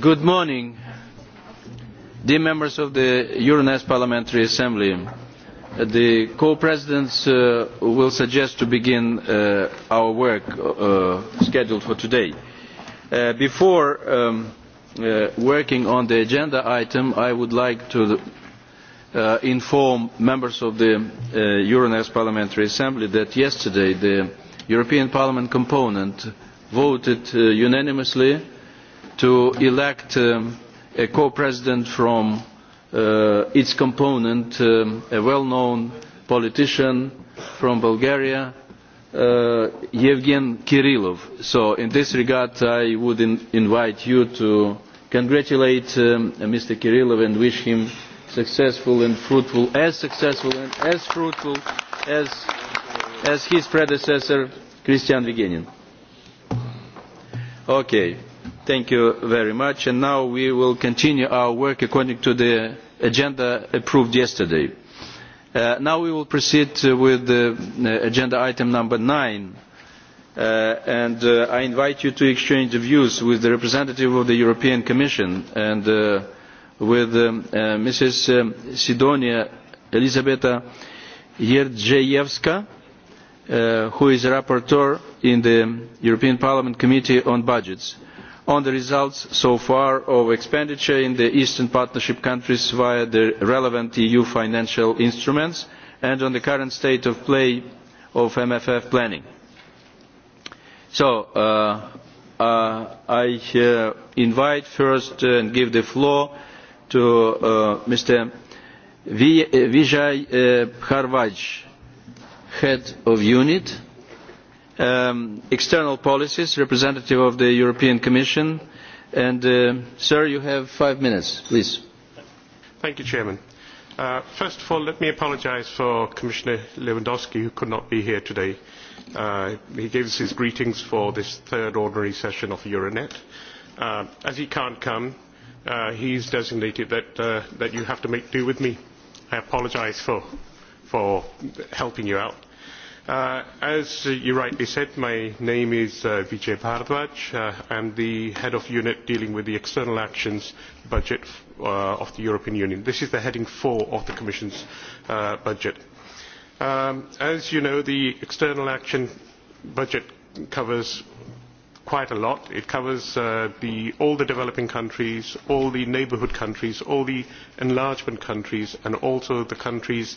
Good morning, dear members of the Euronest Parliamentary Assembly. The co-presidents uh, will suggest to begin uh, our work uh, scheduled for today. Uh, before um, uh, working on the agenda item, I would like to uh, inform members of the uh, Euronest Parliamentary Assembly that yesterday the European Parliament component voted uh, unanimously uh, to elect um, a co-president from uh, its component, um, a well-known politician from Bulgaria, uh, Yevgen Kirillov. So in this regard, I would in invite you to congratulate um, Mr. Kirillov and wish him successful and fruitful, as successful and as fruitful as, as his predecessor, Christian Vigenin. Okay. Thank you very much. And now we will continue our work according to the agenda approved yesterday. Uh, now we will proceed uh, with uh, agenda item number nine. Uh, and uh, I invite you to exchange views with the representative of the European Commission and uh, with um, uh, Mrs. Um, Sidonia Elisabetta Yerdzejewska, uh, who is rapporteur in the European Parliament Committee on Budgets. Uh, on the results so far of expenditure in the eastern partnership countries via the relevant eu financial instruments and on the current state of play of mff planning. so uh, uh, i uh, invite first uh, and give the floor to uh, mr vijay uh, harvaj head of unit um, external policies representative of the european commission and uh, sir you have five minutes please thank you chairman uh, first of all let me apologise for commissioner lewandowski who could not be here today uh, he gives his greetings for this third ordinary session of euronet uh, as he can't come uh, he's designated that uh, that you have to make do with me i apologise for for helping you out Uh, as you rightly said, my name is uh, Vijay Bharadwaj. Uh, I'm the head of unit dealing with the external actions budget uh, of the European Union. This is the heading 4 of the Commission's uh, budget. Um, as you know, the external action budget covers quite a lot. It covers uh, the, all the developing countries, all the neighbourhood countries, all the enlargement countries, and also the countries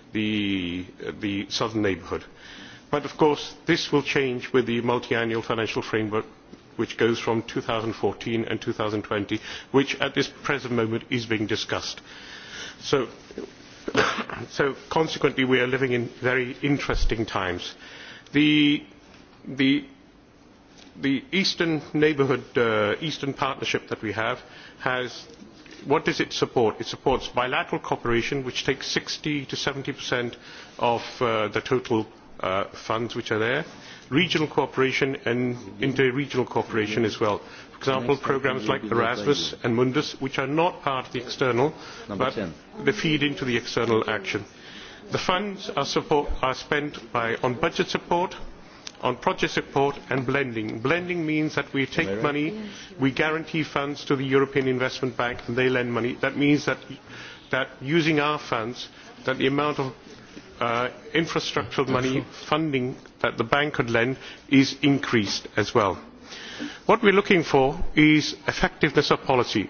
the, the southern neighbourhood. But of course this will change with the multiannual financial framework which goes from 2014 and 2020 which at this present moment is being discussed. So, so consequently we are living in very interesting times. The, the the eastern neighbourhood uh, eastern partnership that we have has what does it support? It supports bilateral cooperation, which takes 60 to 70 percent of uh, the total uh, funds which are there, regional cooperation and inter-regional cooperation as well. For example, programs like Erasmus and Mundus, which are not part of the external, but they feed into the external action. The funds are, support, are spent by, on budget support, on project support and blending. blending means that we take money we guarantee funds to the european investment bank and they lend money. that means that, that using our funds that the amount of uh, infrastructural money funding that the bank could lend is increased as well. what we are looking for is effectiveness of policy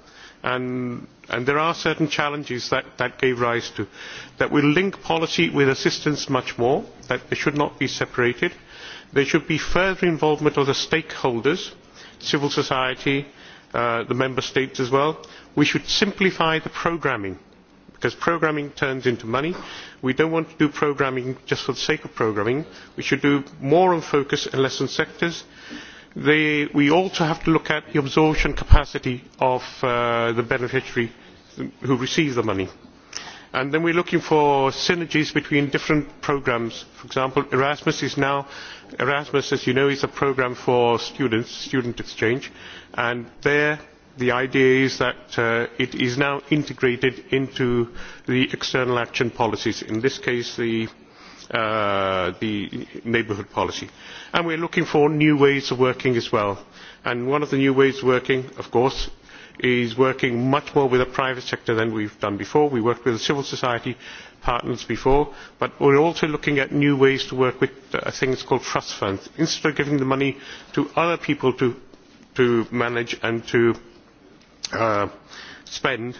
and, and there are certain challenges that that gave rise to. That we link policy with assistance much more, that they should not be separated. There should be further involvement of the stakeholders, civil society, uh, the member states as well. We should simplify the programming because programming turns into money. We don't want to do programming just for the sake of programming. We should do more on focus and less on sectors. Uh, They, we also have to look at the absorption capacity of uh, the beneficiary who receives the money. And then we're looking for synergies between different programs. For example, Erasmus is now, Erasmus, as you know, is a program for students, student exchange. And there, the idea is that uh, it is now integrated into the external action policies. In this case, the uh, uh, the neighbourhood policy. And we're looking for new ways of working as well. And one of the new ways of working, of course, is working much more with the private sector than we've done before. We worked with the civil society partners before, but we're also looking at new ways to work with uh, things called trust funds. Instead of giving the money to other people to, to manage and to uh, spend, uh,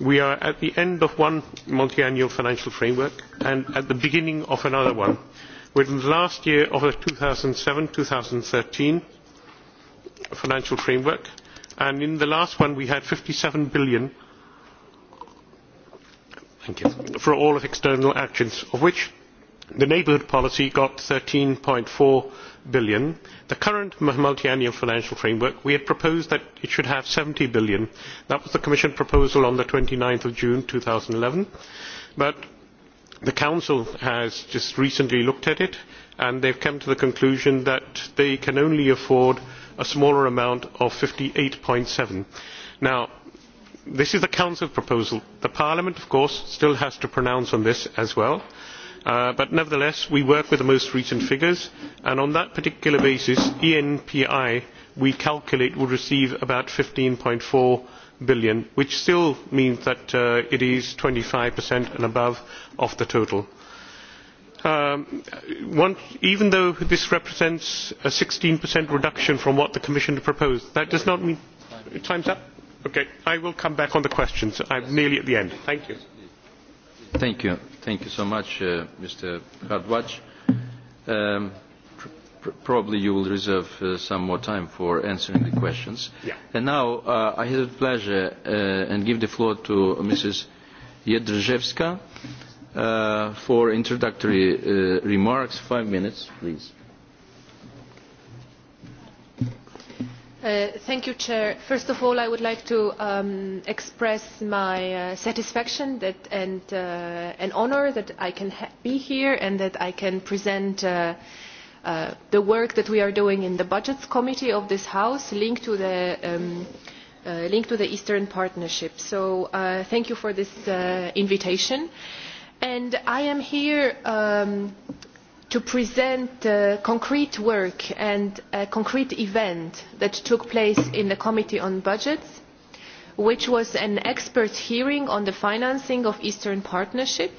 we are at the end of one multiannual financial framework and at the beginning of another one. within the last year of the two thousand and seven two thousand and thirteen financial framework and in the last one we had eur fifty seven billion for all of external actions of which the neighbourhood policy got eur. thirteen four billion the current multiannual financial framework we had proposed that it should have eur seventy billion. that was the commission proposal on twenty nine june two thousand and eleven but the council has just recently looked at it and they have come to the conclusion that they can only afford a smaller amount of. fifty eight seven now this is the council proposal. parliament of course still has to pronounce on this as well Uh, but nevertheless we work with the most recent figures and on that particular basis enpi we calculate will receive about eur. fifteen four billion which still means that uh, it is twenty five and above of the total. Um, one, even though this represents a sixteen reduction from what the commission proposed that does not mean time's up? okay i will come back on the questions i'm nearly at the end. thank you. Thank you. Thank you so much, uh, Mr. Hardwatch. Um, pr probably you will reserve uh, some more time for answering the questions. Yeah. And now uh, I have the pleasure uh, and give the floor to Mrs. Jedrzejewska uh, for introductory uh, remarks. Five minutes, please. Uh, you, first of all i would like to um, express my uh, satisfaction that, and uh, an honour that i can be here and that i can present uh, uh, the work that we are doing in the budgets committee of this house linked to the, um, uh, linked to the eastern partnership. so thank you for this invitation and i am here um, to present uh, concrete work and a concrete event that took place in the Committee on Budgets, which was an expert hearing on the financing of Eastern Partnership.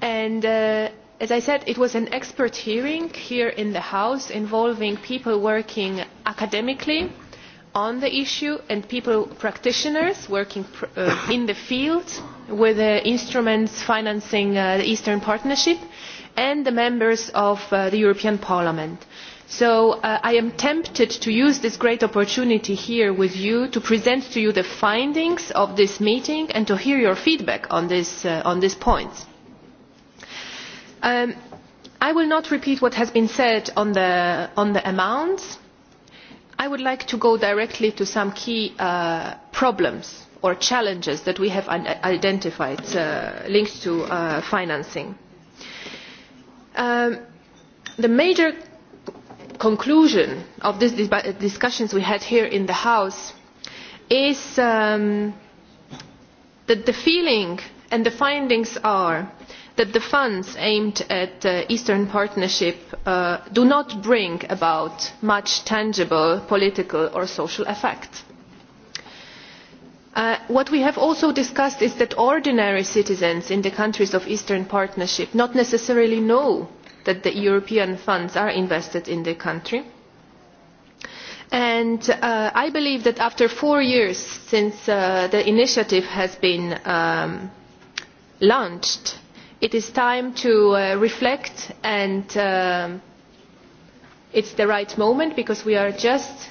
And uh, as I said, it was an expert hearing here in the House involving people working academically on the issue and people, practitioners working pr uh, in the field with uh, instruments financing uh, the Eastern Partnership and the members of uh, the european parliament. so uh, i am tempted to use this great opportunity here with you to present to you the findings of this meeting and to hear your feedback on, this, uh, on these points. Um, i will not repeat what has been said on the, on the amounts. i would like to go directly to some key uh, problems or challenges that we have identified uh, linked to uh, financing Um, the major conclusion of these discussions we had here in the House is um, that the feeling and the findings are that the funds aimed at the Eastern Partnership uh, do not bring about much tangible political or social effect Uh, what we have also discussed is that ordinary citizens in the countries of the eastern partnership do not necessarily know that the european funds are invested in their country and uh, i believe that after four years since uh, the initiative has been um, launched it is time to uh, reflect and um, it is the right moment because we are just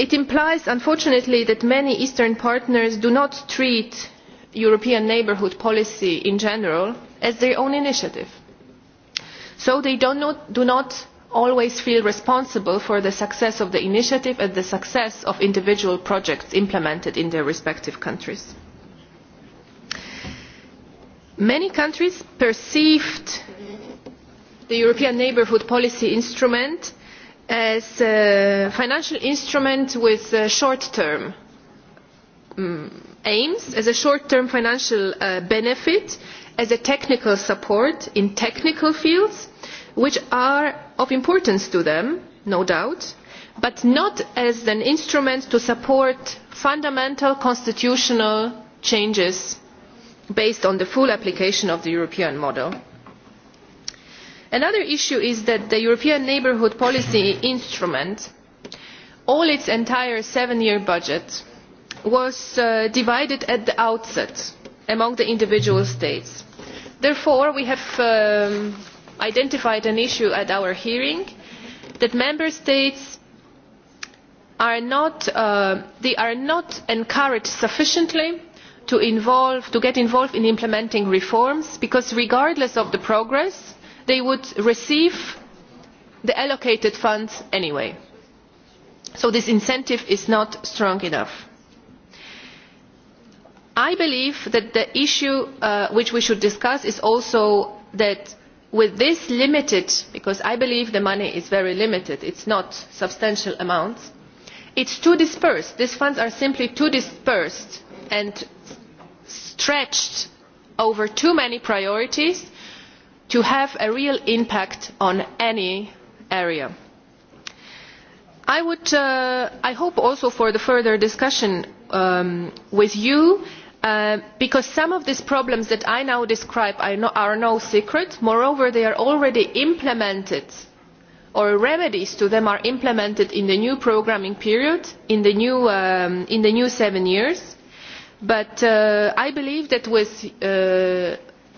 it implies unfortunately that many eastern partners do not treat european neighbourhood policy in general as their own initiative so they not, do not always feel responsible for the success of the initiative and the success of individual projects implemented in their respective countries. many countries perceived the european neighbourhood policy instrument as a financial instrument with uh, short term um, mm, aims as a short term financial uh, benefit as a technical support in technical fields which are of importance to them no doubt but not as an instrument to support fundamental constitutional changes based on the full application of the european model another issue is that the european neighbourhood policy instrument all its entire seven year budget was uh, divided at the outset among the individual states. therefore we have um, identified an issue at our hearing that member states are not, uh, are not encouraged sufficiently to, involve, to get involved in implementing reforms because regardless of the progress they would receive the allocated funds anyway. so this incentive is not strong enough. i believe that the issue uh, which we should discuss is also that with this limited because i believe the money is very limited it is not substantial amounts it is too dispersed these funds are simply too dispersed and stretched over too many priorities to have a real impact on any area. I, would, uh, I hope also for the further discussion um, with you Uh, because some of these problems that i now describe are no, are no secret moreover they are already implemented or remedies to them are implemented in the new programming period in the new, um, in the new seven years but uh, i believe that with uh,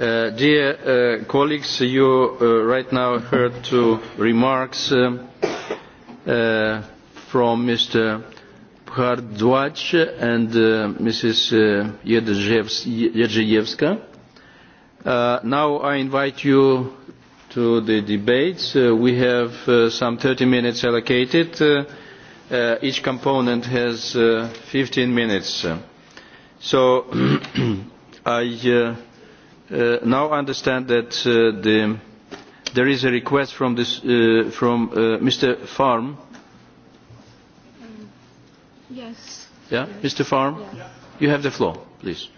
Uh, dear uh, colleagues, you uh, right now heard two remarks uh, uh, from Mr. Bhardwaj and uh, Mrs. Uh, Jedrzejewska. Uh, now I invite you to the debates. Uh, we have uh, some 30 minutes allocated. Uh, uh, each component has uh, 15 minutes. So I uh, uh, now understand that uh, the, there is a request from, this, uh, from uh, Mr. Farm. Um, yes. Yeah, yes. Mr. Farm, yeah. you have the floor, please.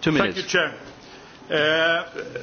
Two minutes. Thank you, Chair. Uh,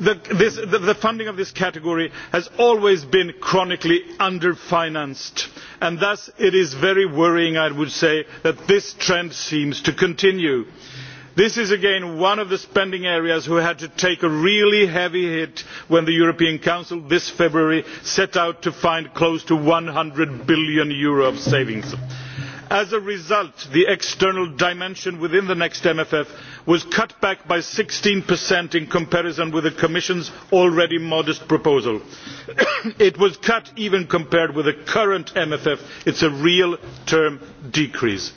the, this, the, the funding of this category has always been chronically under financed and thus it is very worrying i would say that this trend seems to continue. this is again one of the spending areas which had to take a really heavy hit when the european council this february set out to find close to eur one hundred billion of savings as a result the external dimension within the next mff was cut back by sixteen in comparison with the commission's already modest proposal. it was cut even compared with the current mff it is a real term decrease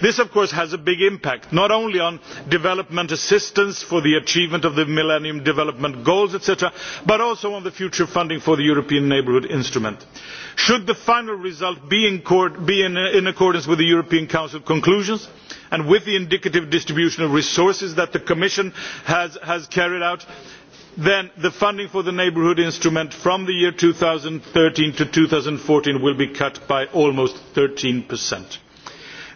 this of course has a big impact not only on development assistance for the achievement of the millennium development goals etc but also on the future funding for the european neighbourhood instrument. should the final result be in accordance with the european council conclusions and with the indicative distribution of resources that the commission has carried out then the funding for the neighbourhood instrument from the year two thousand and thirteen to two thousand and fourteen will be cut by almost thirteen percent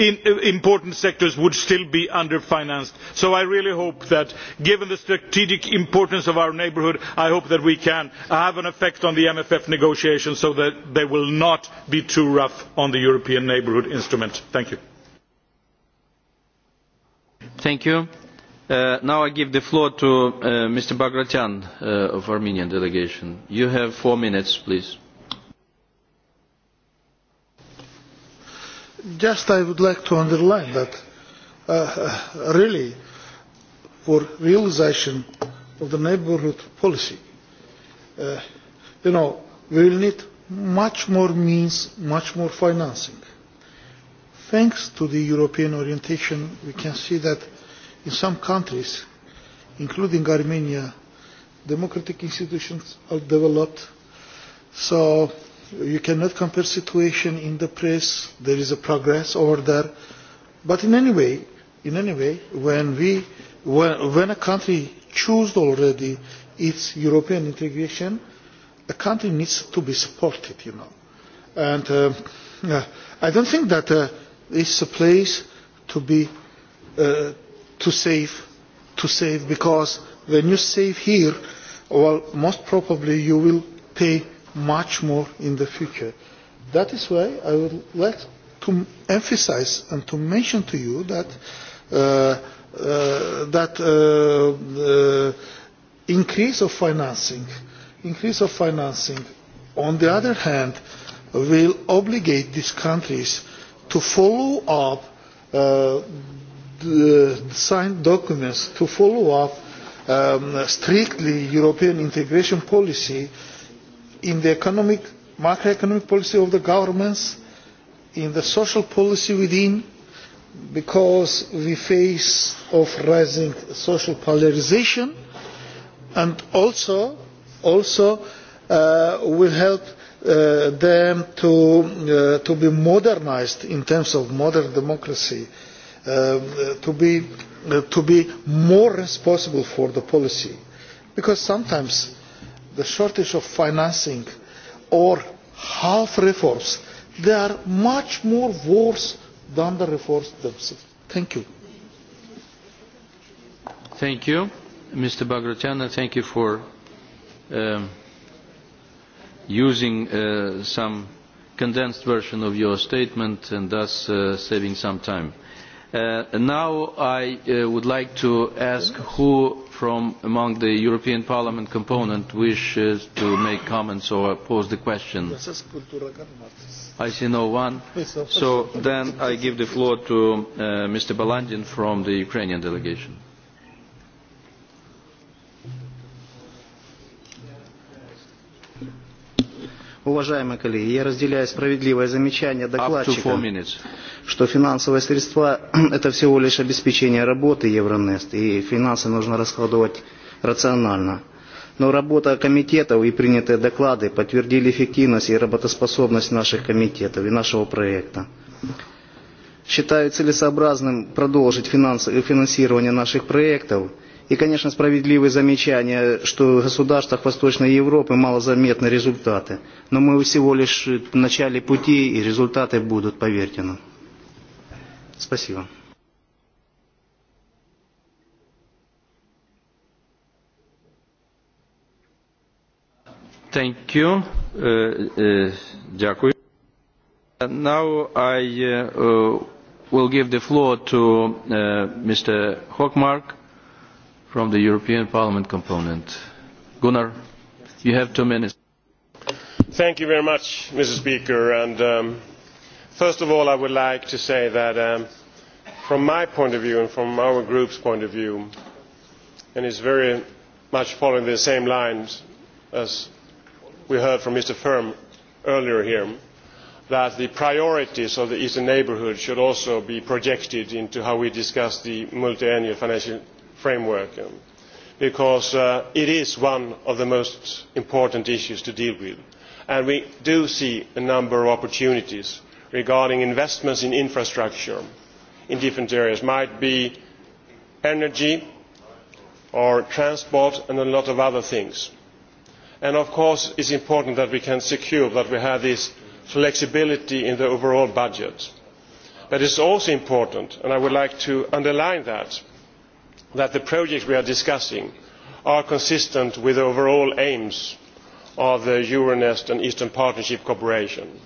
in uh, important sectors would still be under financed. so i really hope that given the strategic importance of our neighbourhood we can have an effect on the mff negotiations so that they will not be too rough on the european neighbourhood instrument. thank you. Thank you. Uh, now I give the floor to uh, Mr. Bagratyan uh, of Armenian delegation. You have four minutes, please. Just I would like to underline that uh, uh, really for realization of the neighborhood policy, uh, you know, we will need much more means, much more financing. Thanks to the European orientation, we can see that in some countries, including Armenia, democratic institutions are developed. So You cannot compare situation in the press. There is a progress over there. But in any way, in any way, when we, when, when a country chose already its European integration, a country needs to be supported, you know. And uh, uh, I don't think that uh, it's a place to be uh, to save, to save, because when you save here, well, most probably you will pay much more in the future. That is why I would like to emphasize and to mention to you that, uh, uh, that uh, the uh, increase of financing, increase of financing, on the other hand, will obligate these countries to follow up uh, the signed documents, to follow up um, strictly European integration policy uh, in the economic, macroeconomic policy of the governments, in the social policy within, because we face of rising social polarization, and also, also uh, will help uh, them to, uh, to be modernized in terms of modern democracy, uh, to, be, uh, to be more responsible for the policy. Because sometimes the shortage of financing or half reforms they are much more worse than the reforms themselves. thank you. thank you mr bagratyan and thank you for um, using uh, some condensed version of your statement and thus uh, saving some time. Uh, now I uh, would like to ask who from among the European Parliament component wishes to make comments or pose the question. I see no one. So then I give the floor to uh, Mr. Balandin from the Ukrainian delegation. уважаемые коллеги, я разделяю справедливое замечание докладчика, что финансовые средства – это всего лишь обеспечение работы Евронест, и финансы нужно расходовать рационально. Но работа комитетов и принятые доклады подтвердили эффективность и работоспособность наших комитетов и нашего проекта. Считаю целесообразным продолжить финансирование наших проектов – И, конечно, справедливые замечания, что в государствах Восточной Европы малозаметны результаты. Но мы всего лишь в начале пути, и результаты будут, поверьте нам. Спасибо. Thank you. Uh, uh, дякую. Now I uh, will give the floor to uh, Mr. Hochmark from the European Parliament component. Gunnar, you have two minutes. Thank you very much, Mr. Speaker. And, um, first of all, I would like to say that um, from my point of view and from our group's point of view, and it's very much following the same lines as we heard from Mr. Firm earlier here, that the priorities of the eastern neighbourhood should also be projected into how we discuss the multiannual financial framework because uh, it is one of the most important issues to deal with and we do see a number of opportunities regarding investments in infrastructure in different areas might be energy or transport and a lot of other things. And of course it is important that we can secure that we have this flexibility in the overall budget. but it is also important and i would like to underline that that the projects we are discussing are consistent with the overall aims of the euronest and eastern partnership cooperation.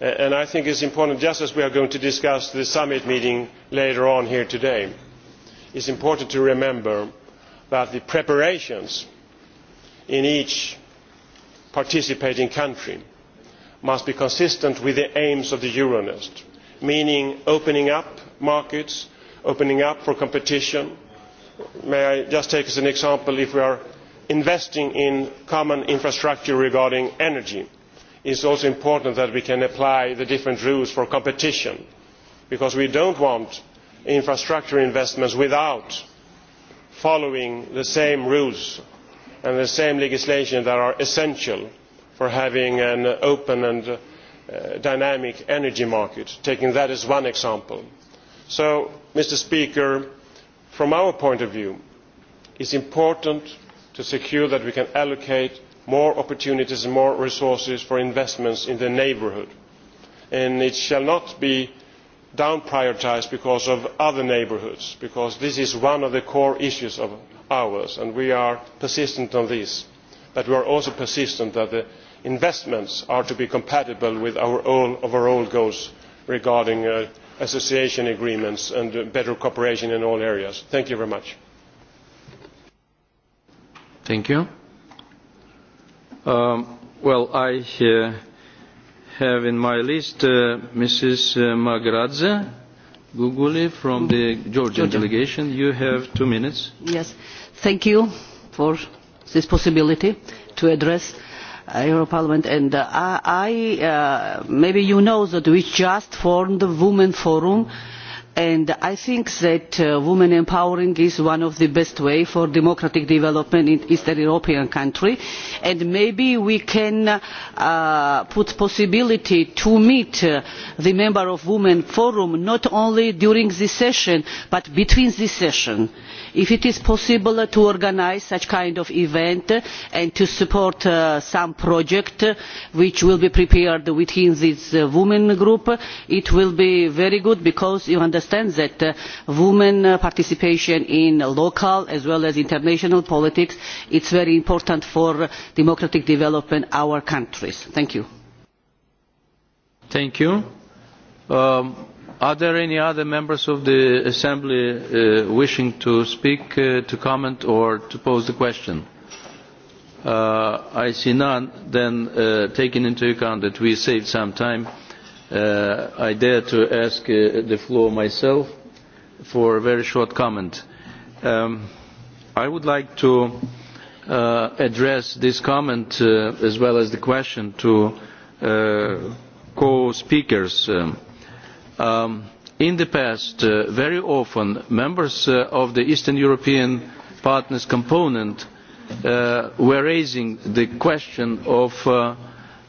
And i think it is important just as we are going to discuss the summit meeting later on here today to remember that the preparations in each participating country must be consistent with the aims of the euronest meaning opening up markets opening up for competition may i just take as an example if we are investing in common infrastructure regarding energy it is also important that we can apply the different rules for competition because we do not want infrastructure investments without following the same rules and the same legislation that are essential for having an open and uh, dynamic energy market taking that as one example. so mr speaker from our point of view it is important to secure that we can allocate more opportunities and more resources for investments in the neighbourhood and it shall not be down prioritised because of other neighbourhoods because this is one of the core issues of ours and we are persistent on this but we are also persistent that the investments are to be compatible with our own overall goals regarding uh, association agreements and better cooperation in all areas. thank you very much. thank you. Um, well, i uh, have in my list uh, mrs. Uh, magradze guguli from the georgian Georgia. delegation. you have two minutes. yes. thank you for this possibility to address Uh, European Parliament, and uh, I, uh, maybe you know that we just formed the Women Forum, and I think that uh, women empowering is one of the best way for democratic development in Eastern European country, and maybe we can uh, put possibility to meet uh, the member of Women Forum not only during this session, but between this session if it is possible to organise such a kind of event and to support uh, some project which will be prepared within this uh, women group it will be very good because you understand that uh, women participation in local as well as international politics is very important for democratic development in our countries. thank you. Thank you. Um, Are there any other members of the Assembly uh, wishing to speak, uh, to comment or to pose the question? Uh, I see none. Then, uh, taking into account that we saved some time, uh, I dare to ask uh, the floor myself for a very short comment. Um, I would like to uh, address this comment uh, as well as the question to uh, co-speakers. Um, Um, in the past, uh, very often, members uh, of the Eastern European Partners component uh, were raising the question of uh,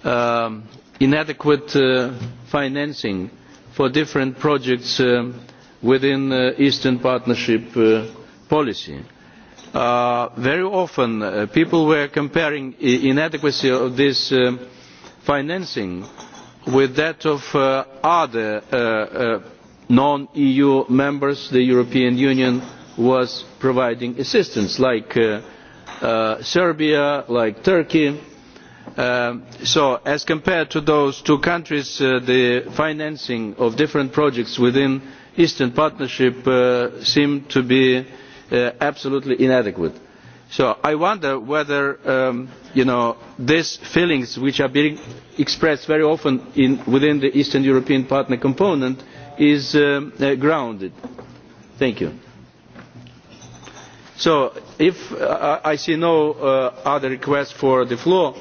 um, inadequate uh, financing for different projects uh, within the uh, Eastern Partnership uh, policy. Uh, very often uh, people were comparing the inadequacy of this uh, financing uh, with that of uh, other uh, uh, non eu members the european union was providing assistance like uh, uh, serbia like turkey um, so as compared to those two countries uh, the financing of different projects within eastern partnership uh, seemed to be uh, absolutely inadequate so i wonder whether um, you know, these feelings which are being expressed very often in, within the eastern european partner component is um, uh, grounded. thank you. so if uh, i see no uh, other requests for the floor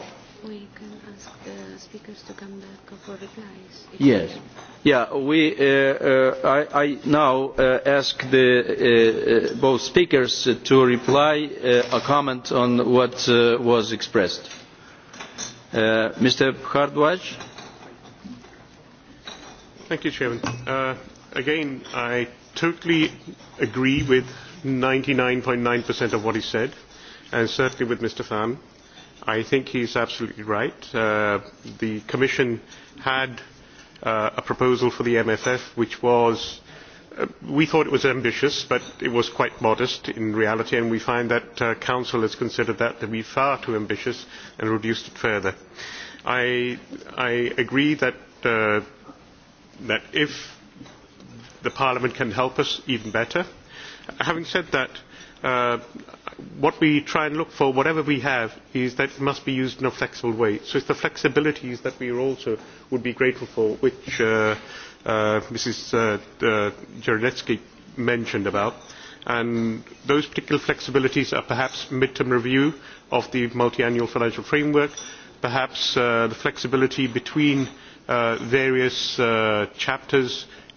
we can ask the speakers to come back for replies. yes. Yeah, we, uh, uh, I, I now uh, ask the, uh, uh, both speakers to reply uh, a comment on what uh, was expressed. Uh, Mr. Hardwaj. Thank you, Chairman. Uh, again, I totally agree with 99.9% .9 of what he said, and certainly with Mr. Pham. I think he's absolutely right. Uh, the Commission had uh, a proposal for the MFF which was uh, we thought it was ambitious, but it was quite modest in reality, and we find that uh, Council has considered that to be far too ambitious and reduced it further. I, I agree that, uh, that if the Parliament can help us, even better. Having said that, uh, what we try and look for, whatever we have, is that it must be used in a flexible way. So it's the flexibilities that we also would be grateful for, which uh, uh, Mrs. Uh, uh, Jarenetsky mentioned about. And those particular flexibilities are perhaps mid-term review of the multi-annual financial framework, perhaps uh, the flexibility between uh, various uh, chapters uh,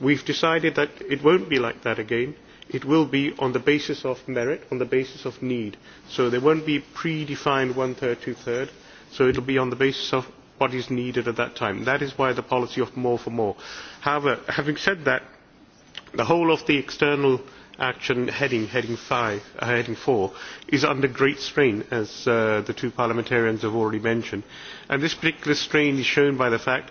we have decided that it will not be like that again. it will be on the basis of merit on the basis of need so there will not be pre defined one third two thirds so it will be on the basis of what is needed at that time. that is why the policy of more for more. however having said that the whole of the external action heading heading, five, uh, heading four is under great strain as uh, the two parliamentarians have already mentioned and this particular strain is shown by the fact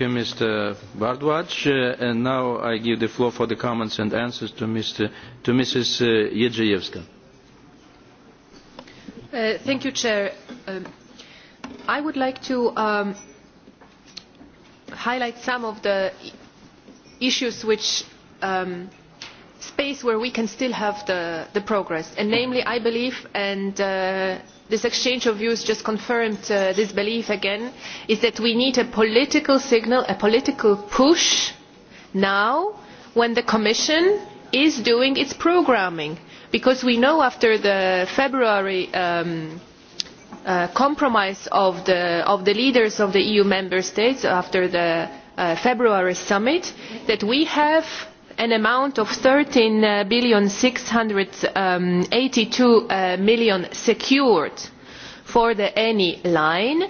Thank you, Mr. Bardwaj. Uh, and now I give the floor for the comments and answers to, Mr., to Mrs. Uh, Jedrzejewska. Uh, thank you, Chair. Um, I would like to um, highlight some of the issues which um, space where we can still have the, the progress. And namely, I believe, and uh, this exchange of views just confirmed uh, this belief again, is that we need a political signal, a political push now when the Commission is doing its programming. Because we know after the February um, uh, compromise of the, of the leaders of the EU member states, after the uh, February summit, that we have an amount of eur thirteen six hundred and eighty two uh, million secured for the eni line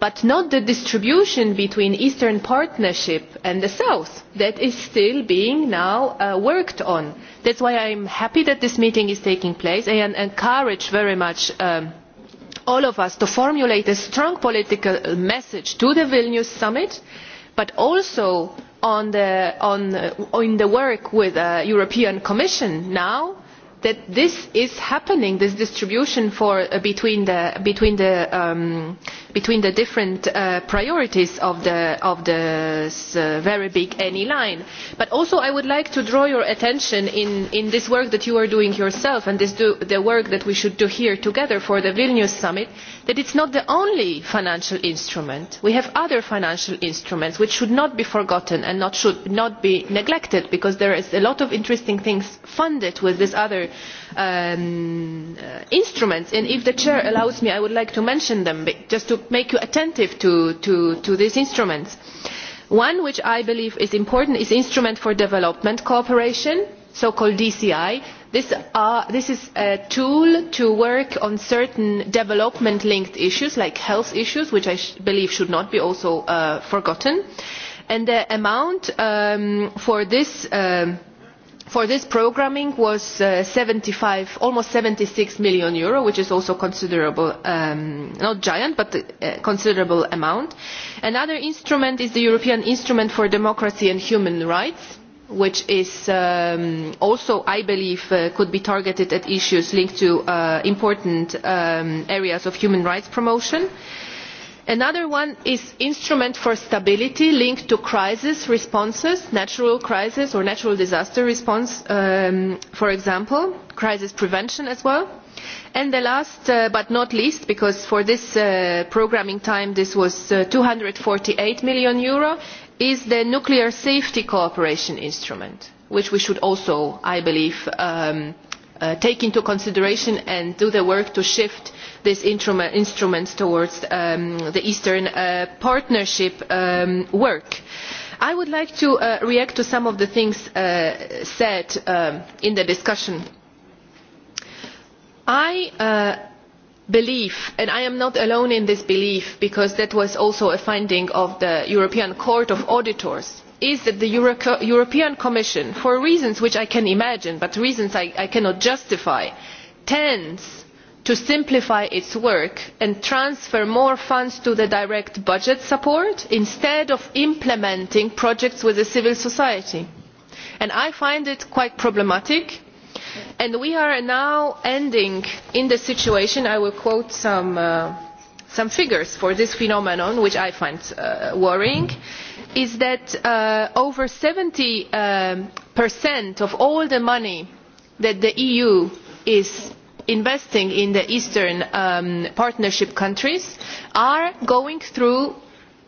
but not the distribution between the eastern partnership and the south that is still being now uh, worked on. that is why i am happy that this meeting is taking place and encourage very much um, all of us to formulate a strong political message to the vilnius summit but also on the, on, uh, in the work with the uh, european commission now that this is happening this distribution for, uh, between, the, between, the, um, between the different uh, priorities of the of this, uh, very big any line. But also I would like to draw your attention in, in this work that you are doing yourself and this do, the work that we should do here together for the Vilnius summit that it is not the only financial instrument. we have other financial instruments which should not be forgotten and not, should not be neglected because there are a lot of interesting things funded with these other um, uh, instruments and if the chair allows me i would like to mention them just to make you attentive to, to, to these instruments. one which i believe is important is the instrument for development cooperation so called dci This, uh, this is a tool to work on certain development linked issues like health issues which i sh believe should not be also uh, forgotten and the amount um, for this um, for this programming was uh, 75, almost 76 million euro, which is also considerable, um, not giant, but a uh, considerable amount. Another instrument is the European Instrument for Democracy and Human Rights which is um, also, I believe, uh, could be targeted at issues linked to uh, important um, areas of human rights promotion. Another one is instrument for stability linked to crisis responses, natural crisis or natural disaster response, um, for example, crisis prevention as well. And the last uh, but not least, because for this uh, programming time this was uh, 248 million euro, is the nuclear safety cooperation instrument which we should also i believe um, uh, take into consideration and do the work to shift these instrument, instruments towards um, the eastern uh, partnership um, work. i would like to uh, react to some of the things uh, said um, in the discussion. i uh, belief and i am not alone in this belief because that was also a finding of the european court of auditors is that the Euro european commission for reasons which i can imagine but reasons i, I cannot justify tends to simplify its work and transfer more funds to the direct budget support instead of implementing projects with civil society. And i find it quite problematic and we are now ending in the situation i will quote some uh, some figures for this phenomenon which i find uh, worrying is that uh, over 70% um, percent of all the money that the eu is investing in the eastern um, partnership countries are going through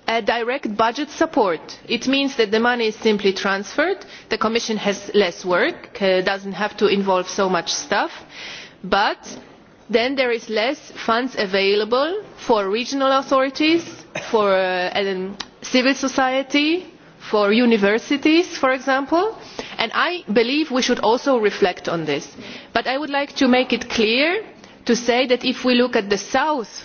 direct budget support. it means that the money is simply transferred the commission has less work uh, does not have to involve so much staff but then there are less funds available for regional authorities for uh, um, civil society for universities for example and i believe we should also reflect on this. but i would like to make it clear that if we look at the south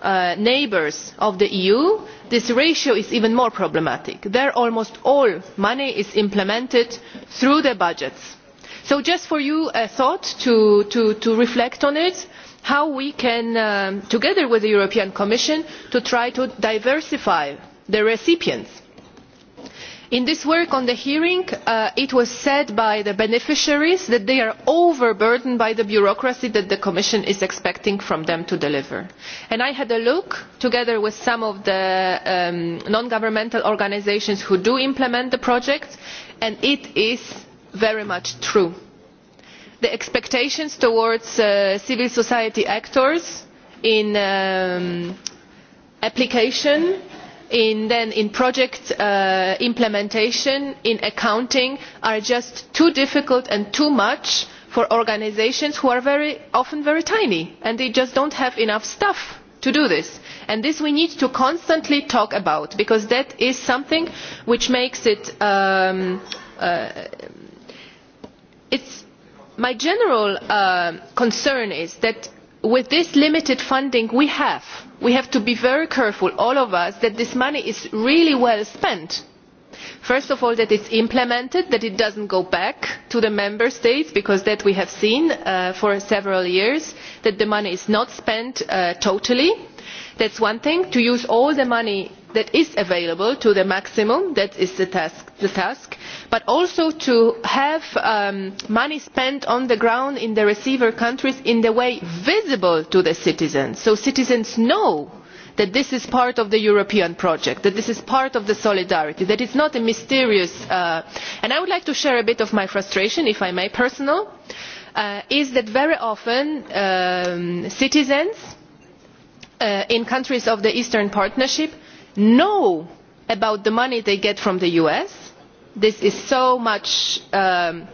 uh, neighbours of the eu this ratio is even more problematic. there almost all money is implemented through the budgets. so just for you a thought to, to, to reflect on it how we can um, together with the european commission to try to diversify the recipients in this work on the hearing uh, it was said by the beneficiaries that they are overburdened by the bureaucracy that the commission is expecting them to deliver and i had a look together with some of the um, non governmental organisations who do implement the project and it is very much true. the expectations towards uh, civil society actors in um, application in, then in project uh, implementation in accounting are just too difficult and too much for organisations which are very often very tiny and they just do not have enough staff to do this. And this we need to constantly talk about because that is something which makes it um, uh, my general uh, concern is that with this limited funding we have we have to be very careful all of us that this money is really well spent first of all that it is implemented that it does not go back to the member states because that we have seen uh, for several years that the money is not spent uh, totally that is one thing to use all the money that is available to the maximum that is the task, the task but also to have um, money spent on the ground in the receiver countries in a way visible to the citizens so citizens know that this is part of the european project that this is part of the solidarity that it is not a mysterious uh, and i would like to share a bit of my frustration if i may personal uh, is that very often um, citizens uh, in countries of the eastern partnership know about the money they get from the us this is so much um,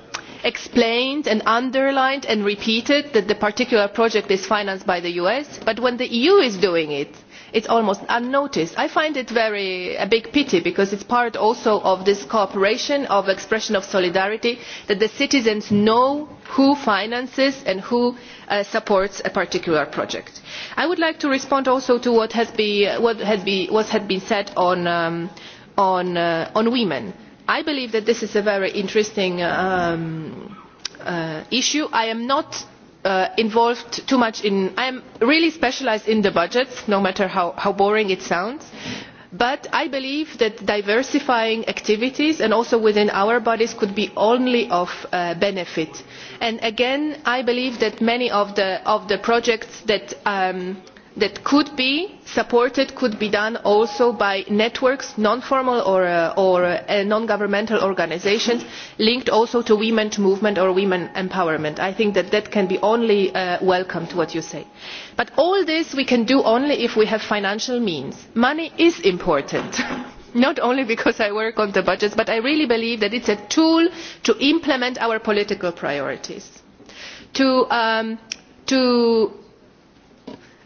explained and underlined and repeated that the particular project is financed by the us but when the eu is doing it it is almost unnoticed. i find it very, a big pity because it is part also of this cooperation of expression of solidarity that the citizens know who finances and who uh, supports a particular project. i would like to respond also to what has, be, what has, be, what has been said on, um, on, uh, on women. i believe that this is a very interesting um, uh, issue. i am not uh, involved too much in i am really specialised in the budgets no matter how, how boring it sounds but i believe that diversifying activities and also within our bodies could be only of uh, benefit and again i believe that many of the, of the projects that um, that could be supported could be done also by networks non formal or, uh, or uh, non governmental organisations linked also to the women's movement or women's empowerment. i think that that can be only uh, welcomed what you say. but all this we can do only if we have financial means. money is important not only because i work on the budgets but i really believe that it is a tool to implement our political priorities to, um, to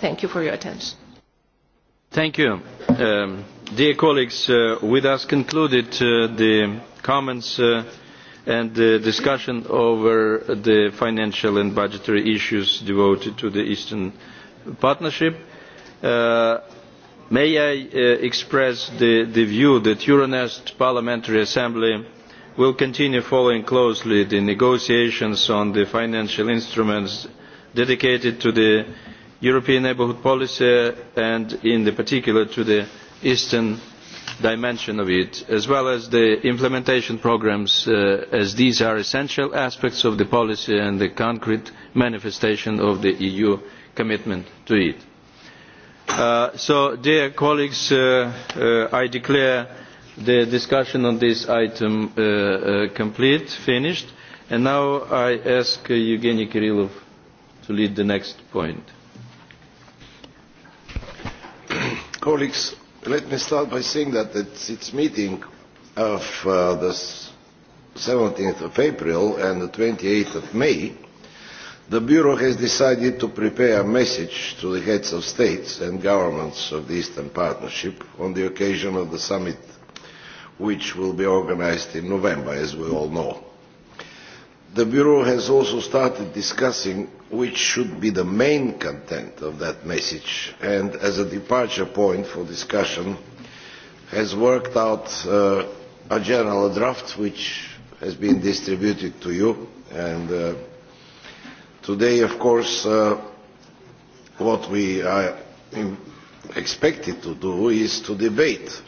Thank you for your attention. Thank you. Um, dear colleagues, uh, with us concluded uh, the comments uh, and the discussion over the financial and budgetary issues devoted to the Eastern Partnership. Uh, may I uh, express the, the view that Euronest Parliamentary Assembly will continue following closely the negotiations on the financial instruments dedicated to the european neighbourhood policy and in particular to the eastern dimension of it as well as the implementation programmes uh, as these are essential aspects of the policy and the concrete manifestation of the eu commitment to it. Uh, so dear colleagues uh, uh i declare the discussion on this item uh, uh, complete finished and now i ask evgeny kirilov to lead the next point. colleagues, let me start by saying that at its meeting of uh, the 17th of April and the 28th of May, the Bureau has decided to prepare a message to the heads of states and governments of the Eastern Partnership on the occasion of the summit which will be organized in November, as we all know. The Bureau has also started discussing which should be the main content of that message and as a departure point for discussion has worked out uh, a general draft which has been distributed to you and uh, today of course uh, what we are expected to do is to debate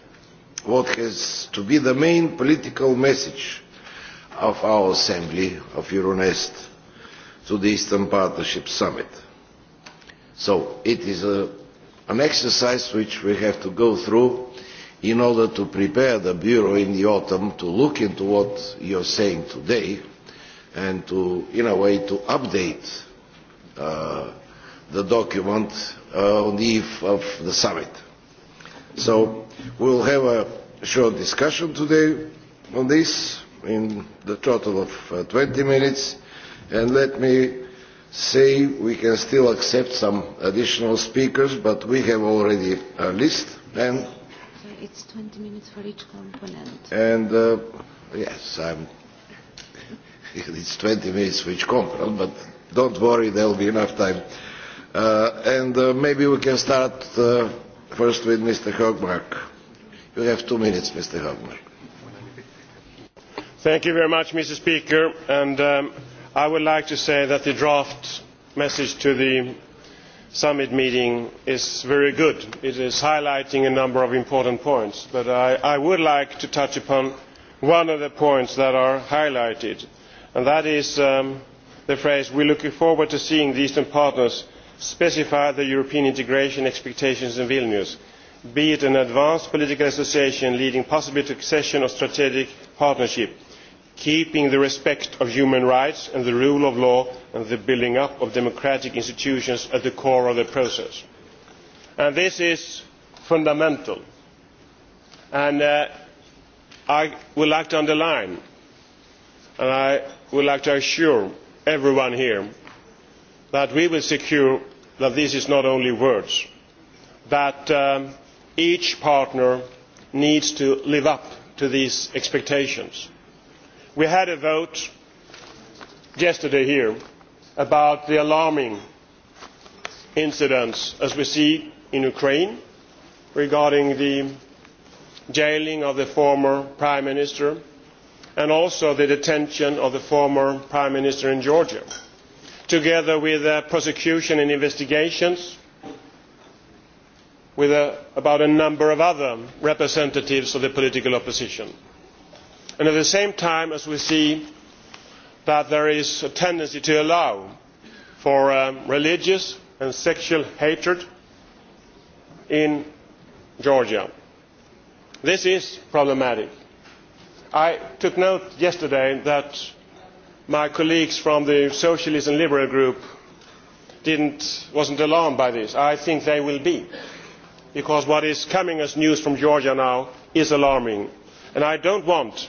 what has to be the main political message of our assembly of euronest to the Eastern Partnership Summit. So it is a, an exercise which we have to go through in order to prepare the Bureau in the autumn to look into what you're saying today and to, in a way, to update uh, the document uh, on the eve of the summit. So we'll have a short discussion today on this in the total of uh, 20 minutes And let me say we can still accept some additional speakers, but we have already a list. And it's 20 minutes for each component. And uh, yes, I'm. it's 20 minutes for each component, but don't worry, there will be enough time. Uh, and uh, maybe we can start uh, first with Mr. Hogmark. You have two minutes, Mr. Hogmark. Thank you very much, Mr. Speaker. And, um, i would like to say that the draft message to the summit meeting is very good. it highlights a number of important points but i would like to touch upon one of the points that is highlighted and that is um, the phrase we are looking forward to seeing the eastern partners specify their european integration expectations in vilnius be it an advanced political association leading possibly to accession or strategic partnership keeping the respect of human rights and the rule of law and the building up of democratic institutions at the core of the process. this is fundamental and uh, i would like to underline and i would like to assure everyone here that we will secure that this is not only words that um, each partner needs to live up to these expectations we had a vote yesterday here about the alarming incidents as we see in ukraine regarding the jailing of the former prime minister and also the detention of the former prime minister in georgia together with uh, prosecution and investigations uh, about a number of other representatives of the political opposition and at the same time as we see that there is a tendency to allow for um, religious and sexual hatred in georgia. this is problematic. i took note yesterday that my colleagues from the socialist and liberal group were not alarmed by this. i think they will be because what is coming as news from georgia now is alarming and i do not want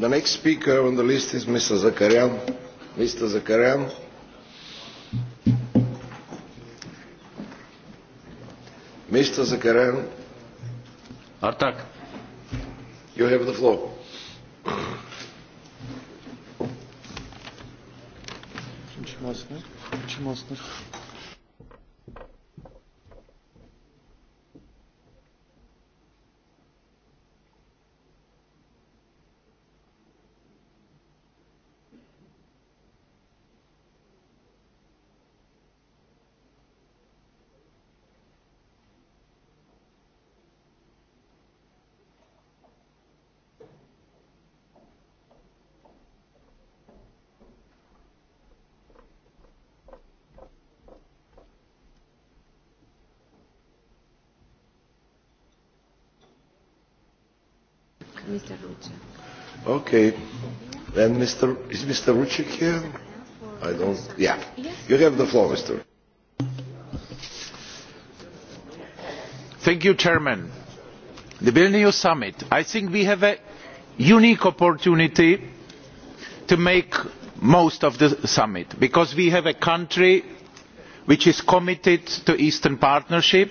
The next speaker on the list is Mr. Zakarian. Mr. Zakarian. Mr. Zakarian. Artak. You have the floor. Очень мощно. Очень мощно. Mr. Rucic. Okay. And Mr. is Mr. Rucic here? I don't. Yeah. You have the floor, Mr. Thank you, Chairman. The Vilnius Summit. I think we have a unique opportunity to make most of the summit because we have a country which is committed to the Eastern Partnership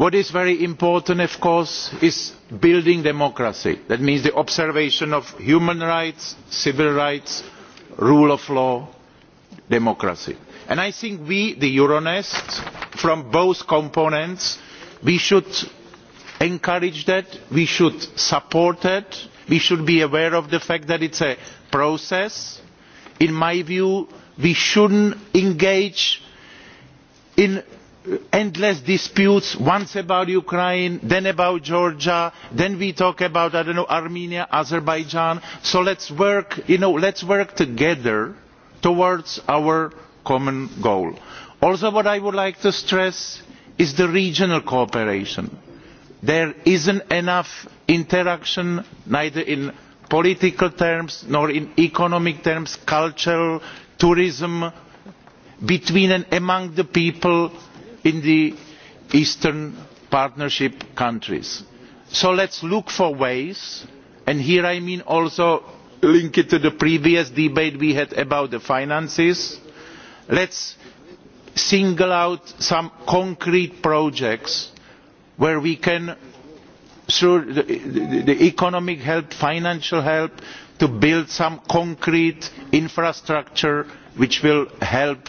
what is very important of course is building democracy that means the observation of human rights civil rights rule of law democracy and i think we the euronest from both components we should encourage that we should support that we should be aware of the fact that it is a process in my view we should not engage in endless disputes once about ukraine then about georgia then we talk about i don't know armenia azerbaijan so let's work you know let's work together towards our common goal also what i would like to stress is the regional cooperation there isn't enough interaction neither in political terms nor in economic terms cultural tourism between and among the people in the eastern partnership countries. so let us look for ways and here i mean also link it to the previous debate we had about the finances let us single out some concrete projects where we can through the, the economic help financial help to build some concrete infrastructure which will help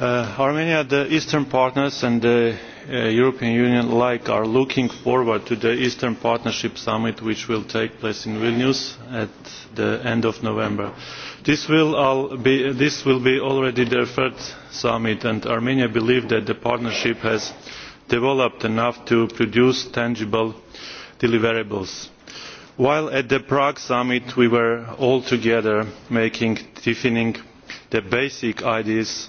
Uh, armenia the eastern partners and the uh, european union alike are looking forward to the eastern partnership summit which will take place in vilnius at the end of november. this will be, this will be already their third summit and armenia believes that the partnership has developed enough to produce tangible deliverables. while at the prague summit we were all together making defining the basic ideas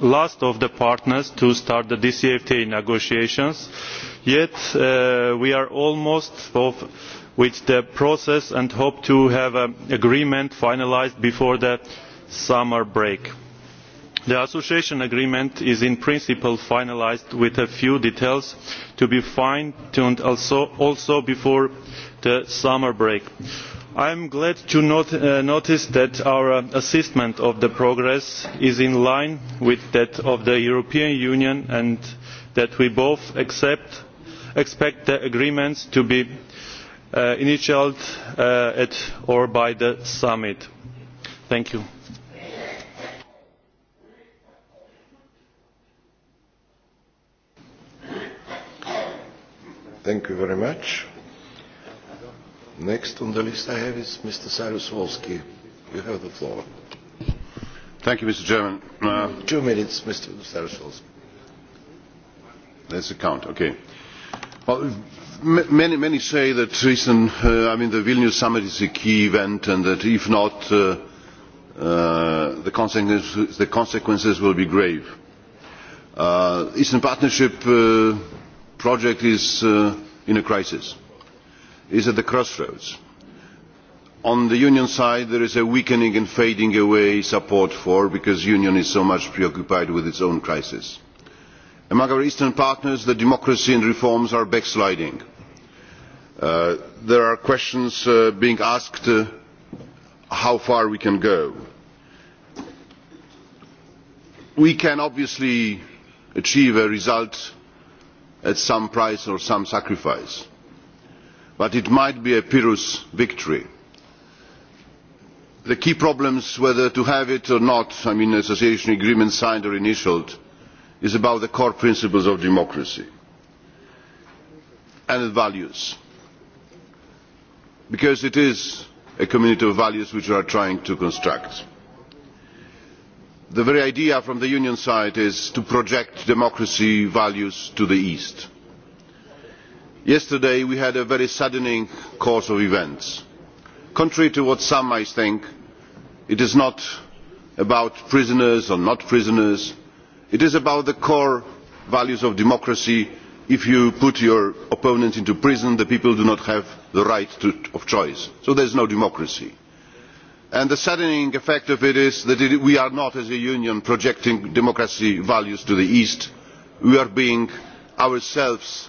last of the partners to start the dcfta negotiations yet uh, we are almost through with the process and hope to have an agreement finalised before the summer break. the association agreement is in principle finalised with a few details to be fine tuned also, also before the summer break i am glad to not, uh, notice that our assessment of the progress is in line with that of the european union and that we both accept, expect the agreements to be uh, initialled uh, at or by the summit. thank you. thank you very much. Next on the list I have is Mr. Cyrus Wolski. You have the floor. Thank you, Mr. Chairman. Uh, Two minutes, Mr. Cyrus Wolski. That's the count, okay. Well, many, many say that recent, uh, I mean, the Vilnius summit is a key event and that if not, uh, uh, the, consequences, the consequences will be grave. Uh, Eastern Partnership uh, project is uh, in a crisis is at the crossroads. On the union side, there is a weakening and fading away support for, because union is so much preoccupied with its own crisis. Among our eastern partners, the democracy and reforms are backsliding. Uh, there are questions uh, being asked uh, how far we can go. We can obviously achieve a result at some price or some sacrifice but it might be a pyrrhus victory. the key problems whether to have it or not i mean an association agreement signed or initialled is about the core principles of democracy and values because it is a community of values which we are trying to construct. the very idea from the union side is to project democracy values to the east yesterday we had a very saddening course of events. contrary to what some might think it is not about prisoners or not prisoners it is about the core values of democracy if you put your opponent into prison the people do not have the right to, of choice so there is no democracy. And the saddening effect of it is that it, we are not as a union projecting democracy values to the east we are being ourselves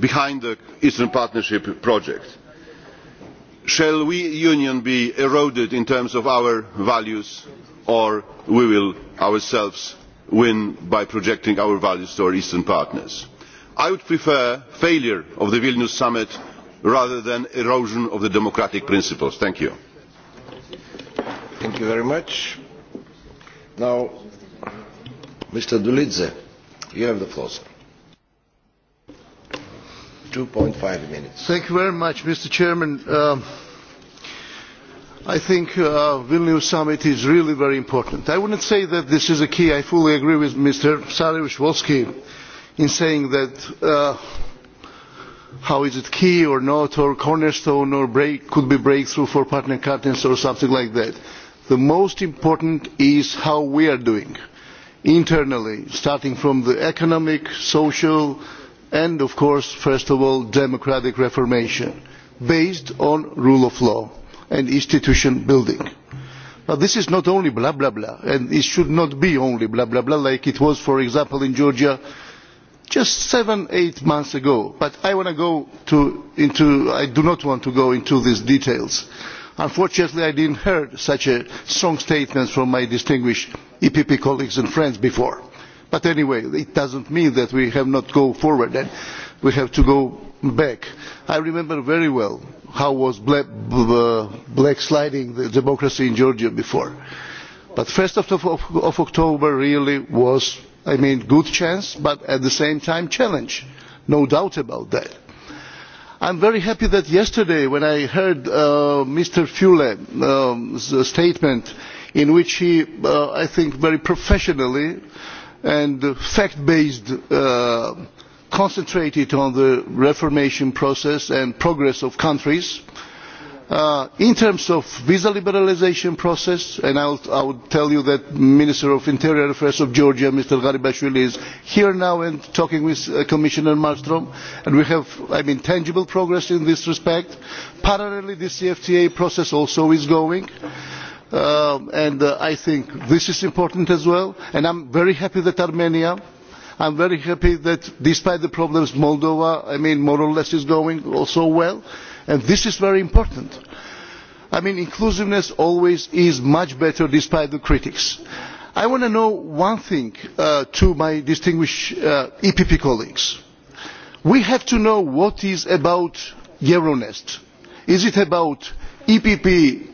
behind the eastern partnership project. shall we union be eroded in terms of our values or we will ourselves win by projecting our values to our eastern partners? i would prefer failure of the vilnius summit rather than erosion of the democratic principles. thank you. thank you very much. now mr dolidze you have the floor sir. 2.5 minutes. Thank you very much, Mr. Chairman. Um, I think uh, Vilnius summit is really very important. I wouldn't say that this is a key. I fully agree with Mr. Sarevich-Wolski in saying that uh, how is it key or not or cornerstone or break, could be breakthrough for partner countries or something like that. The most important is how we are doing internally, starting from the economic, social, uh, and of course first of all democratic reformation based on rule of law and institution building. But this is not only blah blah blah and it should not be only blah blah blah like it was for example in Georgia just seven eight months ago but i, go to, into, I do not want to go into these details. unfortunately i did not hear such strong statements from my distinguished epp colleagues and friends before but anyway it does not mean that we have not gone forward and we have to go back. i remember very well how was blacksliding the democracy in georgia before but one october really was i mean a good chance but at the same time a challenge no doubt about that. i am very happy that yesterday when i heard uh, mr fle's um, statement in which he uh, i think very professionally uh, and fact based uh, concentrated on the reformation process and progress of countries uh, in terms of visa liberalisation process and I'll, I would tell you that Minister of Interior Affairs of Georgia Mr Garibashvili is here now and talking with uh, Commissioner Malmstrm and we have I mean tangible progress in this respect parallelly the CFTA process also is going uh, uh, and uh, I think this is important as well. And I'm very happy that Armenia, I'm very happy that despite the problems, Moldova, I mean, more or less is going also well. And this is very important. I mean, inclusiveness always is much better despite the critics. I want to know one thing uh, to my distinguished uh, EPP colleagues. We have to know what is about Euronest. Is it about EPP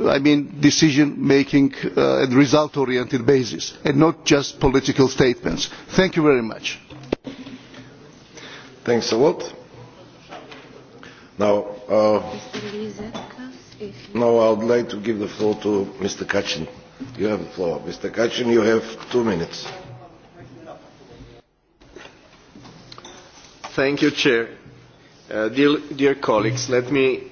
I mean decision making uh, and result oriented basis and not just political statements. Thank you very much. Thanks a lot. Now, uh, now I would like to give the floor to Mr. Kachin. You have the floor. Mr. Kachin, you have two minutes. Thank you, Chair. Uh, dear, dear colleagues, let me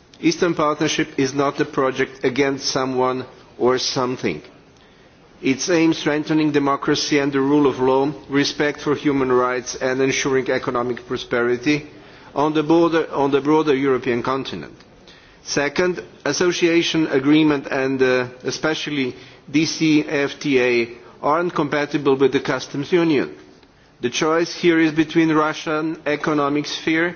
Eastern Partnership is not a project against someone or something. Its aim strengthening democracy and the rule of law, respect for human rights and ensuring economic prosperity on the, border, on the broader European continent. Second, association agreement and uh, especially DCFTA aren't compatible with the customs union. The choice here is between Russian economic sphere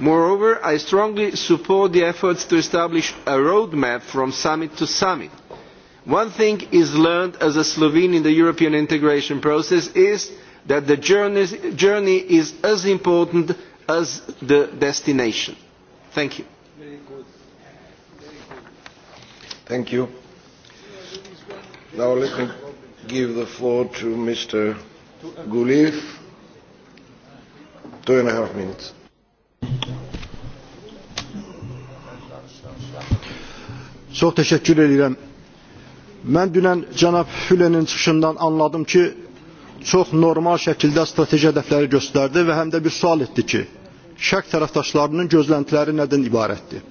moreover i strongly support the efforts to establish a roadmap from summit to summit. one thing is learned as a slovene in the european integration process is that the journey is as important as the destination. thank you. Thank you. Now let me give the floor to Mr. Guliev. Two and a half minutes. Çox təşəkkür edirəm. Mən dünən cənab Hülenin çıxışından anladım ki, çox normal şəkildə strateji hədəfləri göstərdi və həm də bir sual etdi ki, şərq tərəfdaşlarının gözləntiləri nədən ibarətdir?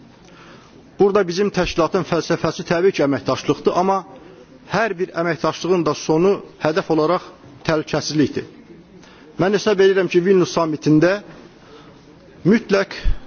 Burada bizim təşkilatın fəlsəfəsi təbii ki, əməkdaşlıqdır, amma hər bir əməkdaşlığın da sonu hədəf olaraq təhlükəsizlikdir. Mən hesab edirəm ki, Vilnius samitində mütləq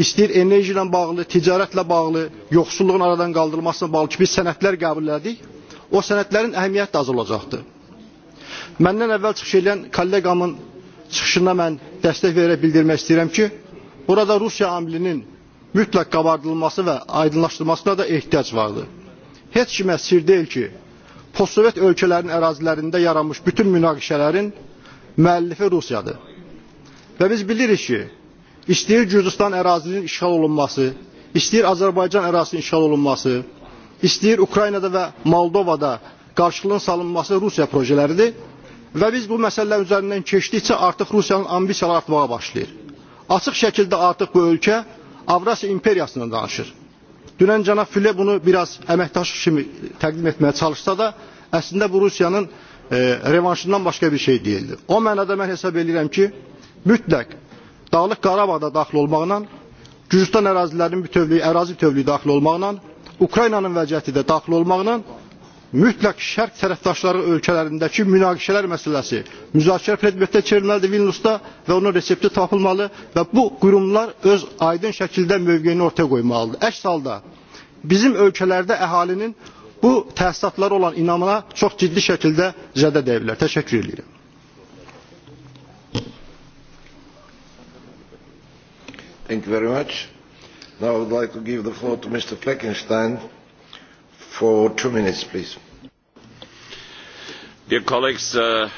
istəyir enerji ilə bağlı, ticarətlə bağlı, yoxsulluğun aradan qaldırılmasına bağlı ki, biz sənədlər qəbul elədik. O sənədlərin əhəmiyyəti də az olacaqdır. Məndən əvvəl çıxış edən kolleqamın çıxışına mən dəstək verərək bildirmək istəyirəm ki, burada Rusiya amilinin mütləq qabardılması və aydınlaşdırılmasına da ehtiyac vardır. Heç kimə sir deyil ki, postsovet ölkələrin ərazilərində yaranmış bütün münaqişələrin müəllifi Rusiyadır. Və biz bilirik ki, istəyir Gürcüstan ərazisinin işğal olunması, istəyir Azərbaycan ərazisinin işğal olunması, istəyir Ukraynada və Moldovada qarşılığın salınması Rusiya projələridir və biz bu məsələlər üzərindən keçdikcə artıq Rusiyanın ambisiyaları artmağa başlayır. Açıq şəkildə artıq bu ölkə Avrasiya imperiyasından danışır. Dünən cənab Füle bunu biraz əməkdaşlıq kimi təqdim etməyə çalışsa da, əslində bu Rusiyanın e, revanşından başqa bir şey deyildi. O mənada mən hesab edirəm ki, mütləq Dağlıq Qarabağda daxil olmaqla, Gürcüstan ərazilərinin bütövlüyü, ərazi bütövlüyü daxil olmaqla, Ukraynanın vəziyyəti də daxil olmaqla mütləq şərq tərəfdaşları ölkələrindəki münaqişələr məsələsi müzakirə predmetdə çevrilməlidir Vilniusda və onun resepti tapılmalı və bu qurumlar öz aydın şəkildə mövqeyini ortaya qoymalıdır. Əks halda bizim ölkələrdə əhalinin bu təsisatlara olan inamına çox ciddi şəkildə zədə dəyiblər. Təşəkkür edirəm. Thank you very much. Now I would like to give the floor to Mr. Fleckenstein for two minutes, please. Dear colleagues, uh,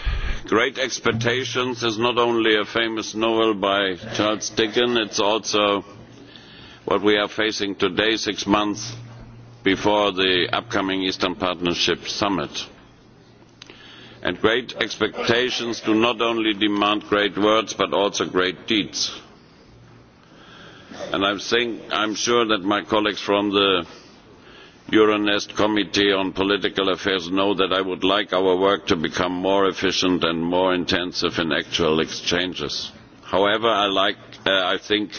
Great Expectations is not only a famous novel by Charles Dickens, it's also what we are facing today, six months before the upcoming Eastern Partnership Summit. And great expectations do not only demand great words, but also great deeds and I'm, saying, I'm sure that my colleagues from the euronest committee on political affairs know that i would like our work to become more efficient and more intensive in actual exchanges. however I, like, uh, i think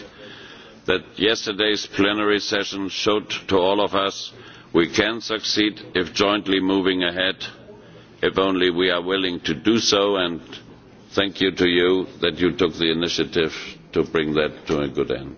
that yesterday's plenary session showed to all of us we can succeed if jointly moving ahead if only we are willing to do so and thank you to you that you took the initiative to bring that to a good end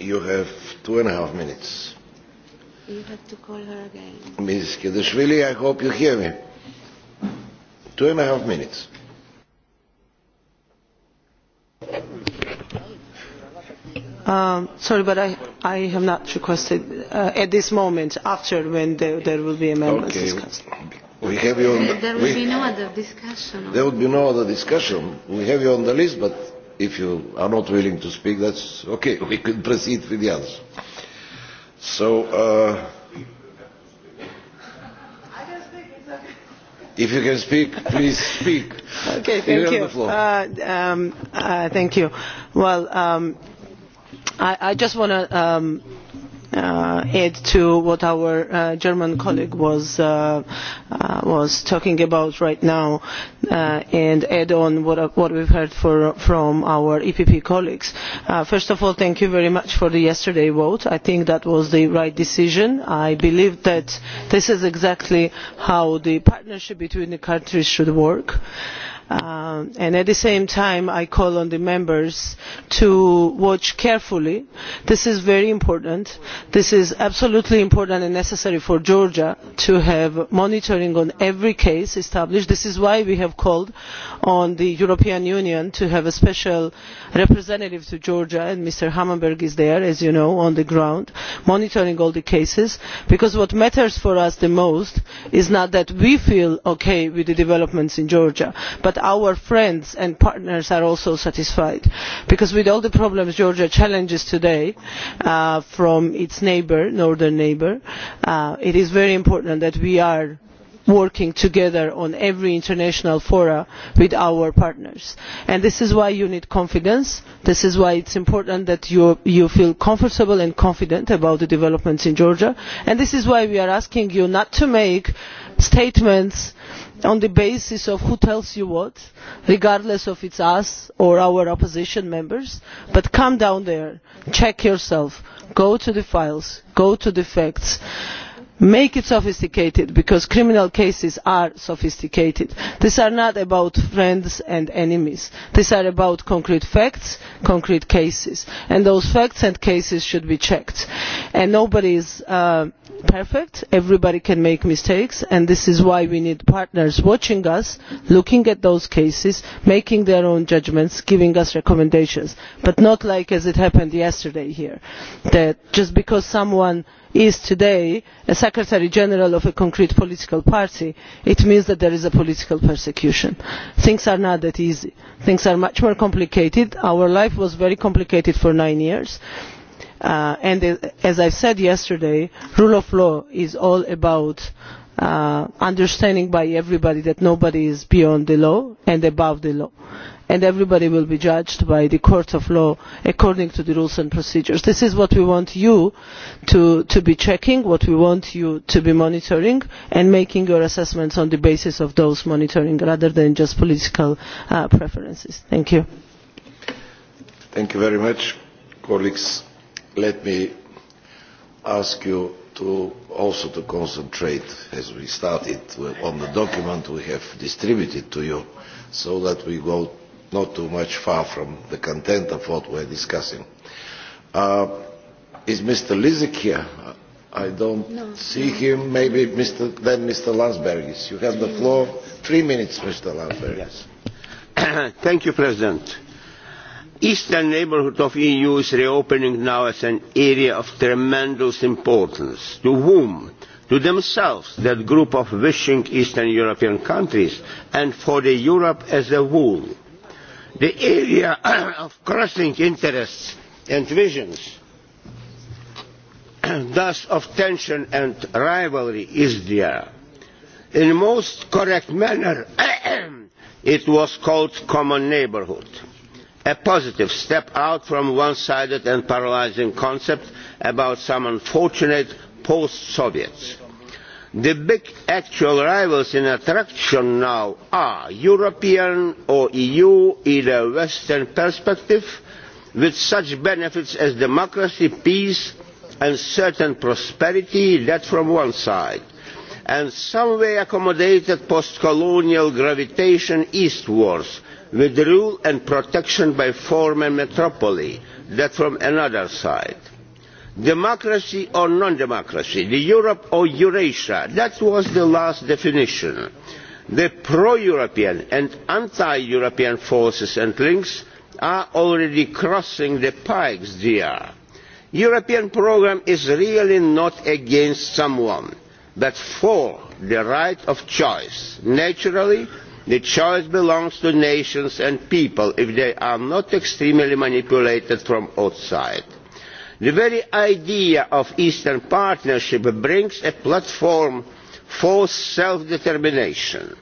You have two and a half minutes. You have to call her again. Ms. Kedeshvili, I hope you hear me. Two and a half minutes. Um, sorry, but I, I have not requested uh, at this moment, after when there, there will be amendments okay. discussed. We have you on the, there will we, be no other discussion. There would be no other discussion. We have you on the list, but if you are not willing to speak, that's okay. We can proceed with the others. So, uh, if you can speak, please speak. okay, thank You're you. On the floor. Uh, um, uh, thank you. Well, um, I, I just want to. Um, uh, add to what our uh, German colleague was uh, uh, was talking about right now, uh, and add on what uh, what we've heard for, from our EPP colleagues. Uh, first of all, thank you very much for the yesterday vote. I think that was the right decision. I believe that this is exactly how the partnership between the countries should work. Uh, Uh, and at the same time i call on the members to watch carefully this is very important this is absolutely important and necessary for georgia to have monitoring on every case established this is why we have called on the european union to have a special representative to georgia and mr hammarberg is there as you know on the ground monitoring all the cases because what matters for us the most is not that we feel okay with the developments in georgia but our friends and partners are also satisfied because with all the problems georgia faces today uh, from its neighbour, northern neighbour uh, it is very important that we are working together on every international forum with our partners. And this is why you need confidence this is why it is important that you, you feel comfortable and confident about the developments in georgia and this is why we are asking you not to make statements on the basis of who tells you what regardless of it is us or our opposition members but come down there check yourself go to the files go to the facts make it sophisticated because criminal cases are sophisticated. these are not about friends and enemies these are about concrete facts concrete cases and those facts and cases should be checked and nobody is uh, perfect everybody can make mistakes and this is why we need partners watching us looking at those cases making their own judgments giving us recommendations but not like as happened yesterday here that just because someone is today a secretary general of a concrete political party it means that there is political persecution. things are not that easy. things are much more complicated. our life was very complicated for nine years and Uh, and as i said yesterday the rule of law is all about uh, understanding by everybody that nobody is beyond the law and above the law and everybody will be judged by the courts of law according to the rules and procedures. this is what we want you to, to be checking what we want you to be monitoring and making your assessments on the basis of those monitoring rather than just political uh, preferences. thank you. thank you very much colleagues let me ask you to also to concentrate as we started on the document we have distributed to you so that we go not too much far from the content of what we're discussing. Uh, is Mr. Lizik here? I don't no, see no. him. Maybe Mr. then Mr. Landsbergis. You have the floor. Three minutes, Mr. Landsbergis. Yes. Thank you, President eastern neighbourhood of the eu is reopening now as an area of tremendous importance. to whom? to themselves, that group of wishing eastern european countries, and for the europe as a whole. the area of crossing interests and visions, thus of tension and rivalry, is there. in most correct manner, it was called common neighbourhood a positive step out from the one sided and paralysing concept about some unfortunate post soviets. the big actual rivals in attraction now are european or eu in a western perspective with such benefits as democracy peace and certain prosperity that from one side and somewhere accommodated post colonial gravitation eastwards with rule and protection by former metropoly, that from another side. Democracy or non-democracy, the Europe or Eurasia, that was the last definition. The pro-European and anti-European forces and links are already crossing the pikes there. European program is really not against someone, but for the right of choice, naturally The choice belongs to nations and people if they are not extremely manipulated from outside. The very idea of Eastern Partnership brings a platform for self-determination.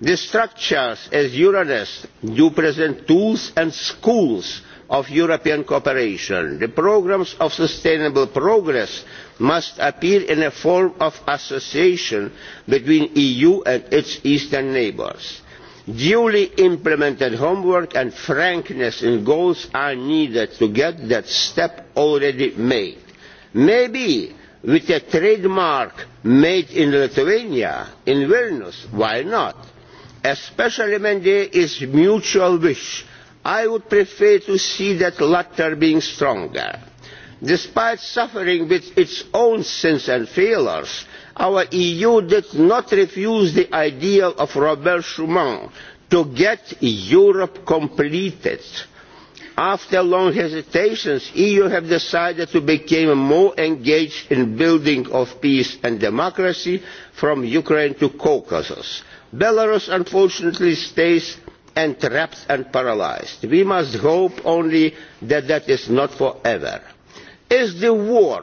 The structures as Euronest do present tools and schools of European cooperation. The programmes of sustainable progress must appear in a form of association between the EU and its eastern neighbours duly implemented homework and frankness in goals are needed to get that step already made. maybe with a trademark made in lithuania in vilnius why not? a special mandate is a mutual wish. i would prefer to see that latter being stronger. despite suffering with its own sins and failures our eu did not refuse the ideal of robert schuman to get europe completed. after long hesitations the eu has decided to become more engaged in the building of peace and democracy from ukraine to the caucasus. belarus unfortunately stays entrapped and paralysed. we must hope only that that is not forever. is the war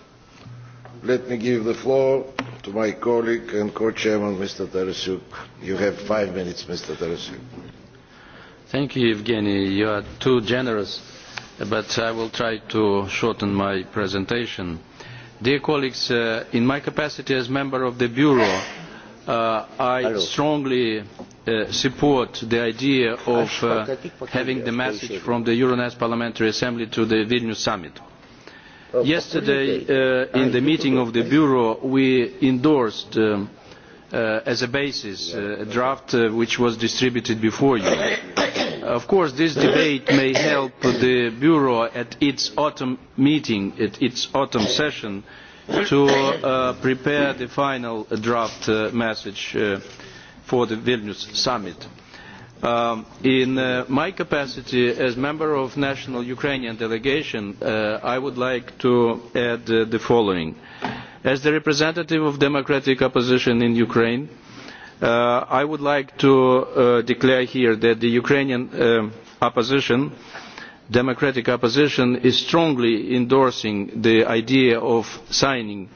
Let me give the floor to my colleague and co-chairman, Mr. Tarasyuk. You have five minutes, Mr. Tarasyuk. Thank you, Evgeny. You are too generous, but I will try to shorten my presentation. Dear colleagues, uh, in my capacity as member of the Bureau, uh, I Hello. strongly Uh, support the idea of uh, having the message from the euronest parliamentary assembly to the vilnius summit. Yesterday, uh, in the meeting of the Bureau, we endorsed um, uh, as a basis uh, a draft uh, which was distributed before you. of course, this debate may help the Bureau at its autumn meeting, at its autumn session, to uh, prepare the final draft uh, message uh, for the Vilnius summit. Uh, Um, in uh, my capacity as member of national Ukrainian delegation, uh, I would like to add uh, the following. As the representative of democratic opposition in Ukraine, uh, I would like to uh, declare here that the Ukrainian uh, opposition, democratic opposition, is strongly endorsing the idea of signing uh,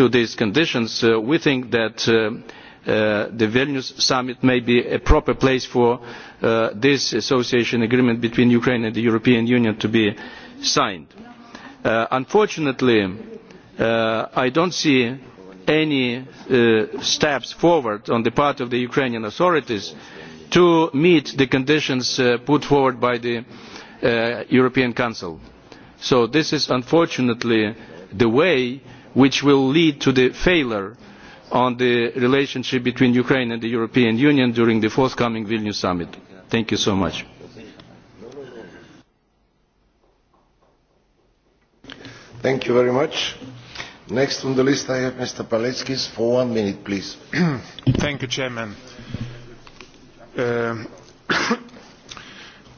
to these conditions, uh, we think that uh, uh, the Vilnius summit may be a proper place for uh, this association agreement between Ukraine and the European Union to be signed. Uh, unfortunately, uh, I don't see any uh, steps forward on the part of the Ukrainian authorities to meet the conditions uh, put forward by the uh, European Council. So this is unfortunately the way uh, which will lead to the failure on the relationship between Ukraine and the European Union during the forthcoming Vilnius summit. Thank you so much. Thank you very much. Next on the list I have Mr. Paleckis for one minute, please. Thank you, Chairman. Uh,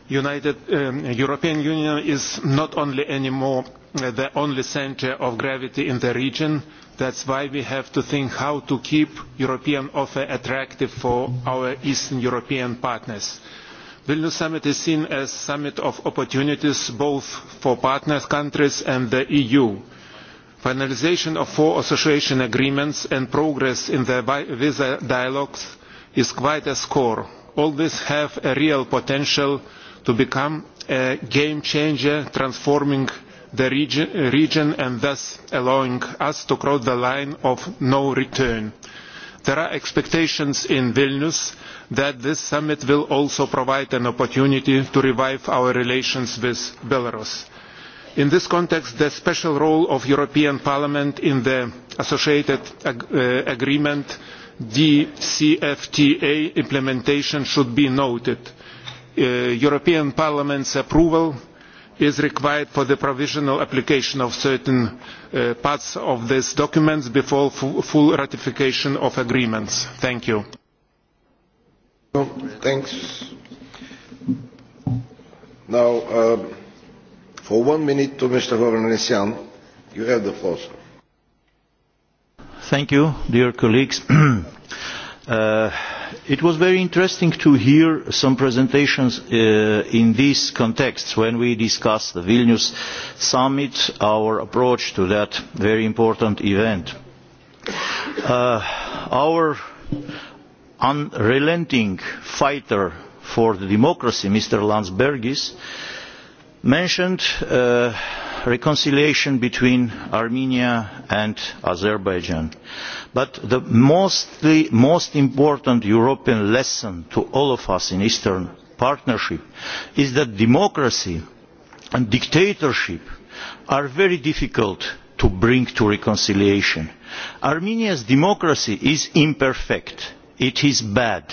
United um, European Union is not only anymore Uh, the only centre of gravity in the region. that is why we have to think how to keep the european offer attractive for our eastern european partners. the vilnius summit is seen as a summit of opportunities both for partner countries and the eu. finalisation of four association agreements and progress in the visa dialogues is quite a score. all these have a real potential to become a game changer transforming the region, region and thus allowing us to cross the line of no return. There are expectations in Vilnius that this summit will also provide an opportunity to revive our relations with Belarus. In this context, the special role of European Parliament in the associated ag uh, agreement DCFTA implementation should be noted. Uh, European Parliament's approval is required for the provisional application of certain uh, parts of these documents before full ratification of agreements. Thank you. Thanks. Now, uh, for one minute to Mr. Hovhannisyan, you have the floor, sir. Thank you, dear colleagues. uh, It was very interesting to hear some presentations uh, in this context when we discussed the Vilnius summit, our approach to that very important event. Uh, our unrelenting fighter for democracy, Mr. Landsbergis, mentioned uh, reconciliation between armenia and azerbaijan but the mostly, most important european lesson to all of us in the eastern partnership is that democracy and dictatorship are very difficult to bring to reconciliation. armenia's democracy is imperfect it is bad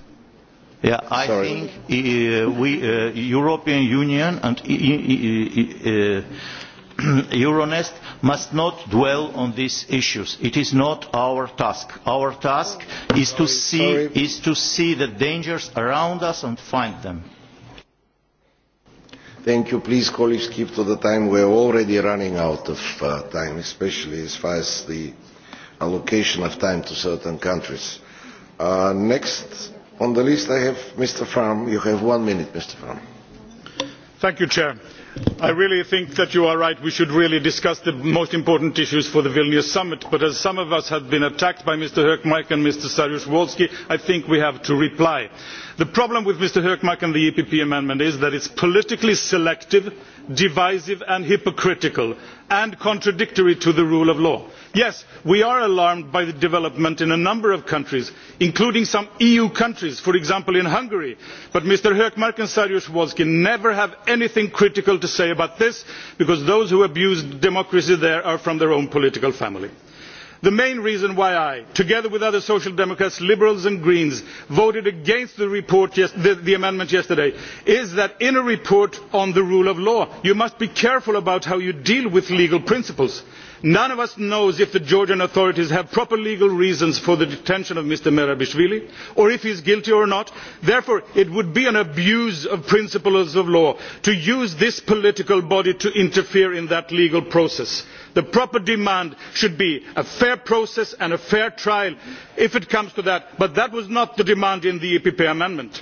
Yeah, I Sorry. think uh, we, uh, European Union and uh, uh, uh, uh Euronest must not dwell on these issues. It is not our task. Our task is to see, Sorry. is to see the dangers around us and find them. Thank you. Please, colleagues, keep to the time. We're already running out of uh, time, especially as far as the allocation of time to certain countries. Uh, next on the list i have mr farm you have one minute mr farm thank you chair i really think that you are right we should really discuss the most important issues for the vilnius summit but as some of us have been attacked by mr hkmark and mr saryusz wolski i think we have to reply. the problem with mr hkmark and the epp amendment is that it is politically selective divisive and hypocritical and contradictory to the rule of law. yes we are alarmed by the development in a number of countries including some eu countries for example in hungary but mr hkmark and saryusz wolski never have anything critical to say about this because those who abuse democracy there are from their own political family the main reason why i together with other social democrats liberals and greens voted against the amendment yesterday is that in a report on the rule of law you must be careful about how you deal with legal principles none of us knows if the georgian authorities have proper legal reasons for the detention of mr merabishvili or if he is guilty or not. therefore it would be an abuse of principles of law to use this political body to interfere in that legal process. the proper demand should be a fair process and a fair trial if it comes to that but that was not the demand in the epp amendment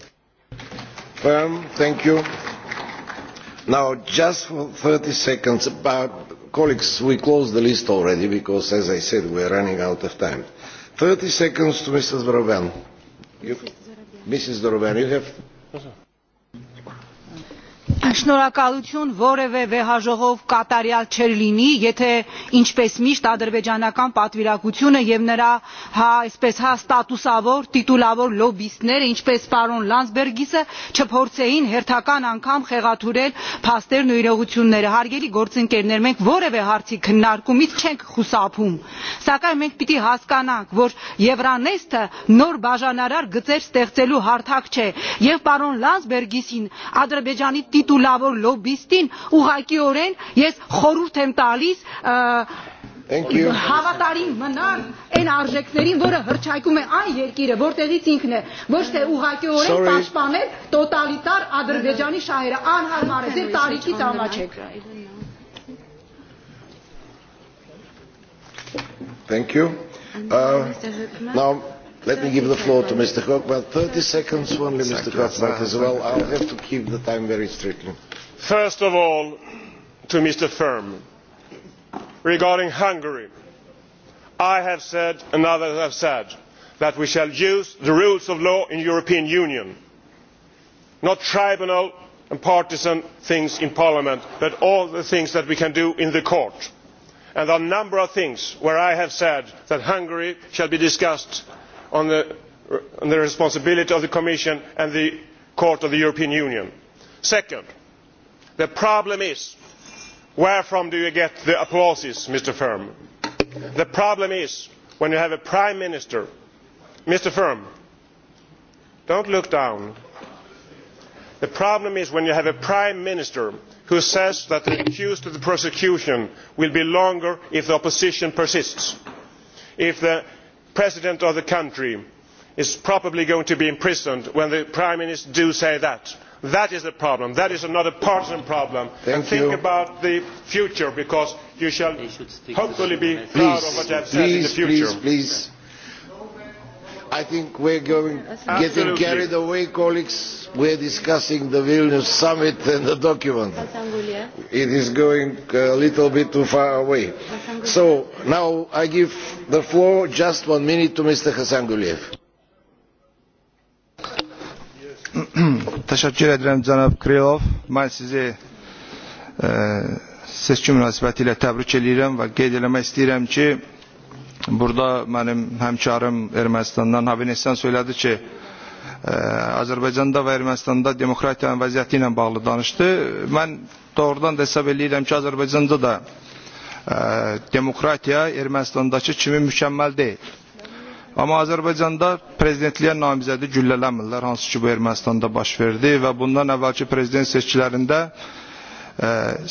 firm. Thank you. Now, just for 30 seconds, but colleagues, we closed the list already because, as I said, we are running out of time. 30 seconds to Mrs. Zorovan. You, Mrs. Zorovan, you have շնորհակալություն որևէ վեհաժողով կատարյալ չէր լինի եթե ինչպես միշտ ադրբեջանական պատվիրակությունը և նրա այսպես հա ստատուսավոր տիտուլավոր լոբբիստները ինչպես պարոն լանdsբերգիսը չփորձեին հերթական անգամ խեղաթյուրել փաստերն ու իրողությունները։ հարգելի գործընկերներ մենք որևէ հարցի քննարկումից չենք խուսափում սակայն մենք պիտի հասկանանք որ euronest-ը նոր բաժանարար գծեր ստեղծելու հարթակ չէ և պարոն լանdsբերգիսին ադրբեջանի դու լավոր լոբիստին ուղղակիորեն ես խորհուրդ եմ տալիս հավատարիմ մնան այն արժեքներին, որը հրճայկում է այն երկիրը, որտեղից ինքն է, ոչ թե ուղղակիորեն պաշտպանել տոտալիտար Ադրբեջանի շահերը, անհարմար է, ձեր տարիքի ճանաչեք։ Thank you. Uh, now Let me give the floor to Mr. Kochman. 30 seconds only, Mr. Kochman, as well. I'll have to keep the time very strictly. First of all, to Mr. Firm, regarding Hungary, I have said and others have said that we shall use the rules of law in the European Union, not tribunal and partisan things in Parliament, but all the things that we can do in the court. And there are a number of things where I have said that Hungary shall be discussed on the, on the responsibility of the commission and the court of the european union. second the problem is where do you get the applause mr firm? the problem is when you have a prime minister mr firm do not look down the problem is when you have a prime minister who says that the accused of the prosecution will be longer if the opposition persists if the president of the country is probably going to be imprisoned when the prime minister does say that. that is a problem. that is not a partisan problem. think about the future because you shall hopefully be proud of what you have said in the future. I think we're going, Absolutely. getting carried away, colleagues. We're discussing the Vilnius summit and the document. It is going a little bit too far away. So now I give the floor just one minute to Mr. Hasanguliev. Teşekkür ederim Cənab Krylov. Mən sizi e, seçki münasibətilə təbrik edirəm və qeyd eləmək istəyirəm ki, e, burada mənim həmkarım Ermənistandan Habenesyan söylədi ki, ə, e, Azərbaycanda və Ermənistanda demokratiyanın vəziyyəti ilə bağlı danışdı. Mən doğrudan da hesab eləyirəm ki, Azərbaycanda da ə, e, demokratiya Ermənistandakı kimi mükəmməl deyil. Amma Azərbaycanda prezidentliyə namizədi güllələmirlər, hansı ki bu Ermənistanda baş verdi və bundan əvvəlki prezident seçkilərində ə,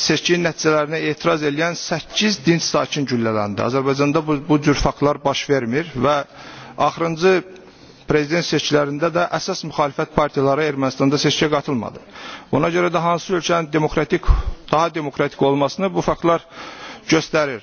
seçkin nəticələrinə etiraz edən 8 dinc sakin güllələndi. Azərbaycanda bu, bu cür faktlar baş vermir və axırıncı prezident seçkilərində də əsas müxalifət partiyaları Ermənistanda seçkiyə qatılmadı. Buna görə də hansı ölkənin demokratik, daha demokratik olmasını bu faktlar göstərir.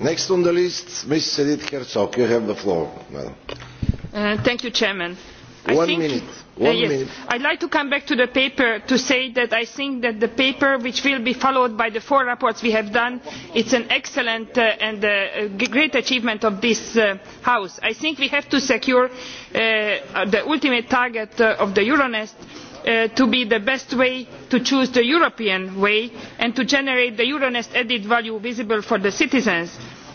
Next on the list, Ms. Edith Herzog. You have the floor, madam. Uh, thank you, Chairman. I One think, minute. Uh, one uh, yes, minute. I'd like to come back to the paper to say that I think that the paper, which will be followed by the four reports we have done, it's an excellent uh, and uh, great achievement of this uh, House. I think we have to secure uh, the ultimate target uh, of the Euronest, uh, uh, to be the best way to choose the european way and to generate the euronest added value visible for the citizens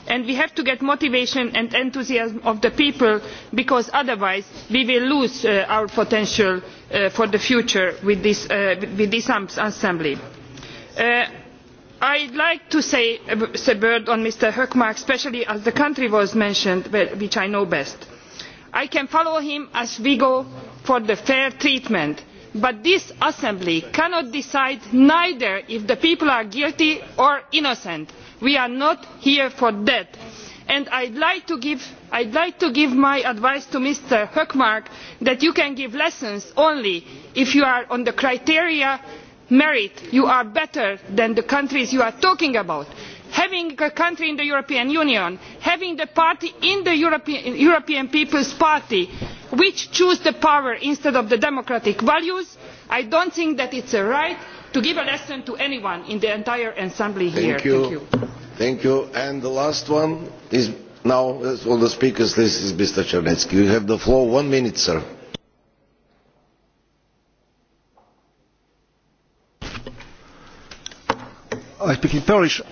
and we have to get motivation and enthusiasm of the people because otherwise we will lose uh, our potential uh, for the future with this, uh, with this assembly. Uh, i would like to uh, say a word on mr hkmark especially as the country was mentioned which i know best. i can follow him as we go for fair treatment but this assembly cannot decide either if the people are guilty or innocent. we are not here for that. i would like, like to give my advice to mr hkmark that you can give lessons only if you are on the criteria of merit you are better than the countries you are talking about having a country in the european union having a party in the european, european people's party which chooses the power instead of the democratic values i do not think that it is right to give a lesson to anyone in the entire assembly here. Thank you. Thank you. Thank you. And the last one is now on the speakers list is Mr. Chernetsky. You have the floor. One minute, sir. speaking polish e,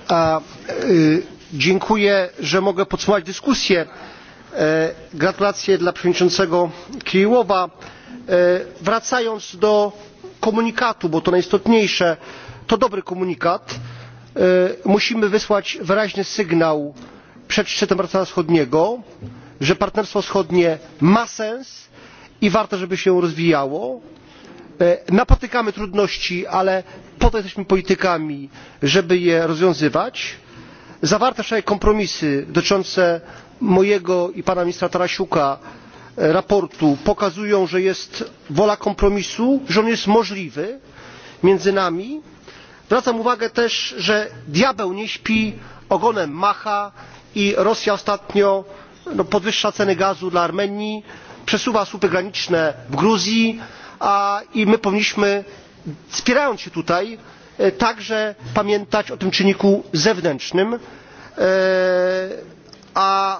dziękuję że mogę podsumować dyskusję. E, gratulacje dla przewodniczącego kiryłowa. E, wracając do komunikatu bo to najistotniejsze to dobry komunikat. musimy wysłać wyraźny sygnał przed szczytem partnerstwa wschodniego że partnerstwo wschodnie ma sens i warto żeby się rozwijało E, napotykamy trudności ale po to jesteśmy politykami żeby je rozwiązywać. zawarte wczoraj kompromisy dotyczące mojego i pana ministra tarasiuka sprawozdania e, pokazują że jest wola kompromisu że on jest możliwy między nami. zwracam uwagę też że diabeł nie śpi ogonem macha i rosja ostatnio podwyższa ceny gazu dla armenii przesuwa słupy graniczne w gruzji a i my powinniśmy spierając się tutaj e, także pamiętać o tym czynniku zewnętrznym e, a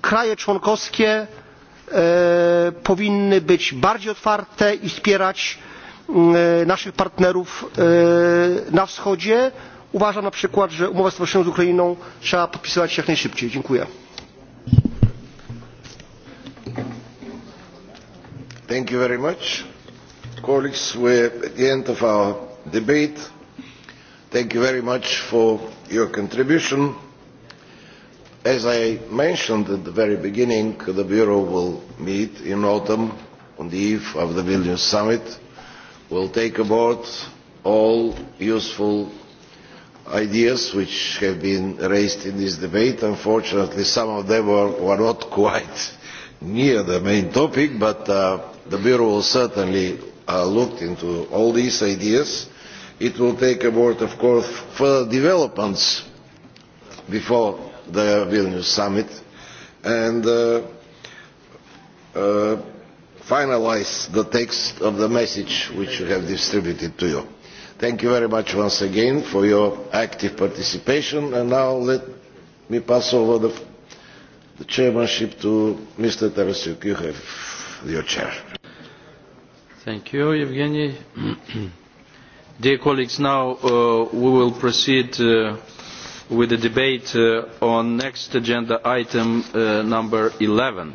kraje członkowskie e, powinny być bardziej otwarte i wspierać naszych partnerów na wschodzie. uważam na przykład że umowę stowarzyszenioną z ukrainą trzeba podpisywać jak najszybciej. dziękuję. Thank you very much. Colleagues, we're at the end of our debate. Thank you very much for your contribution. As I mentioned at the very beginning, the Bureau will meet in autumn on the eve of the Vilnius Summit. We'll take aboard all useful ideas which have been raised in this debate. Unfortunately, some of them were, were not quite near the main topic, but uh, The Bureau will certainly uh, look into all these ideas. It will take aboard, of course, further developments before the Vilnius summit and uh, uh, finalize the text of the message which you have distributed to you. Thank you very much once again for your active participation and now let me pass over the, the chairmanship to Mr. Tarasuk. You have your chair. Thank you, Evgeny. Dear colleagues, now uh, we will proceed uh, with the debate uh, on next agenda item uh, number 11.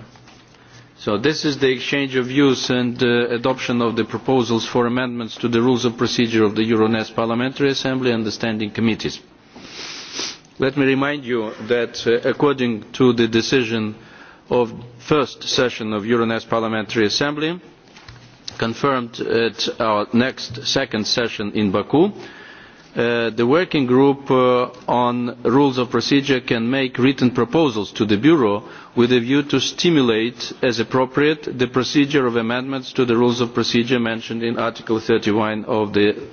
So this is the exchange of views and uh, adoption of the proposals for amendments to the rules of procedure of the Euronest Parliamentary Assembly and the standing committees. Let me remind you that uh, according to the decision of first session of Euronest Parliamentary Assembly, confirmed at our next second session in Baku. Uh, the working group uh, on rules of procedure can make written proposals to the Bureau with a view to stimulate, as appropriate, the procedure of amendments to the rules of procedure mentioned in Article 31 of the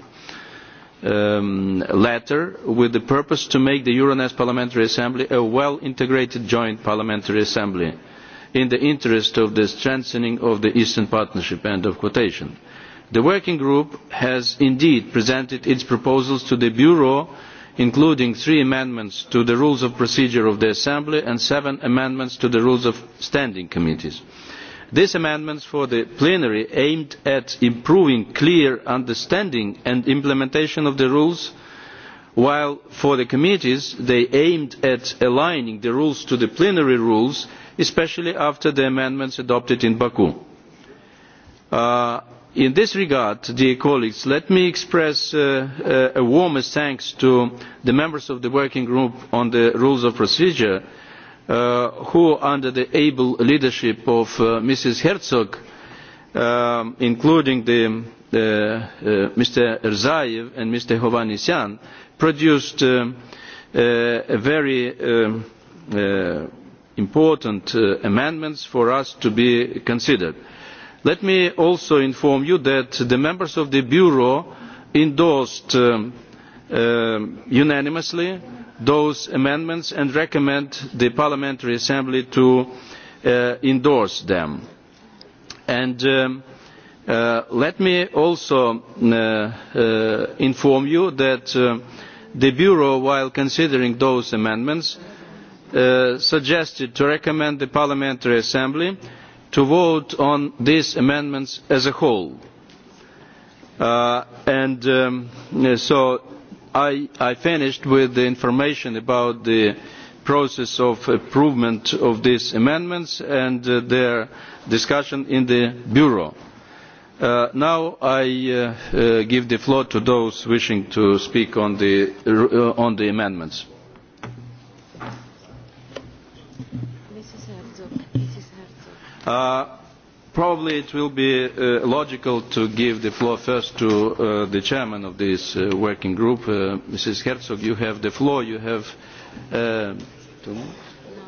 um, letter with the purpose to make the Euronest Parliamentary Assembly a well-integrated joint parliamentary assembly. Uh, in the interest of the strengthening of the Eastern Partnership. End of quotation. The working group has indeed presented its proposals to the Bureau, including three amendments to the rules of procedure of the Assembly and seven amendments to the rules of standing committees. These amendments for the plenary aimed at improving clear understanding and implementation of the rules while for the committees they aimed at aligning the rules to the plenary rules especially after the amendments adopted in baku. Uh, in this regard let me express uh, uh, a warmest thanks to the members of the working group on the rules of procedure uh, who under the able leadership of uh, mrs herczog um, including the, uh, mr erzayev and mr hovhannisyan produced um, a very um, important uh, amendments for us to be considered. Let me also inform you that the members of the Bureau endorsed um, um, unanimously those amendments and recommend the Parliamentary Assembly to uh, endorse them. And um, uh, let me also uh, uh, inform you that uh, the Bureau, while considering those amendments, uh, uh, suggested to recommend the Parliamentary Assembly to vote on these amendments as a whole. Uh, and um, so I, I finished with the information about the process of improvement of these amendments and uh, their discussion in the Bureau. Uh, now I uh, uh, give the floor to those wishing to speak on the, uh, on the amendments. Uh, probably it will be uh, logical to give the floor first to uh, the chairman of this uh, working group, uh, Mrs. Herzog. You have the floor. You have uh, two minutes.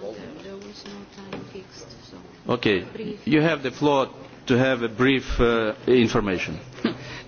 No, there was no time fixed. So okay. Brief. You have the floor to have a brief uh, information.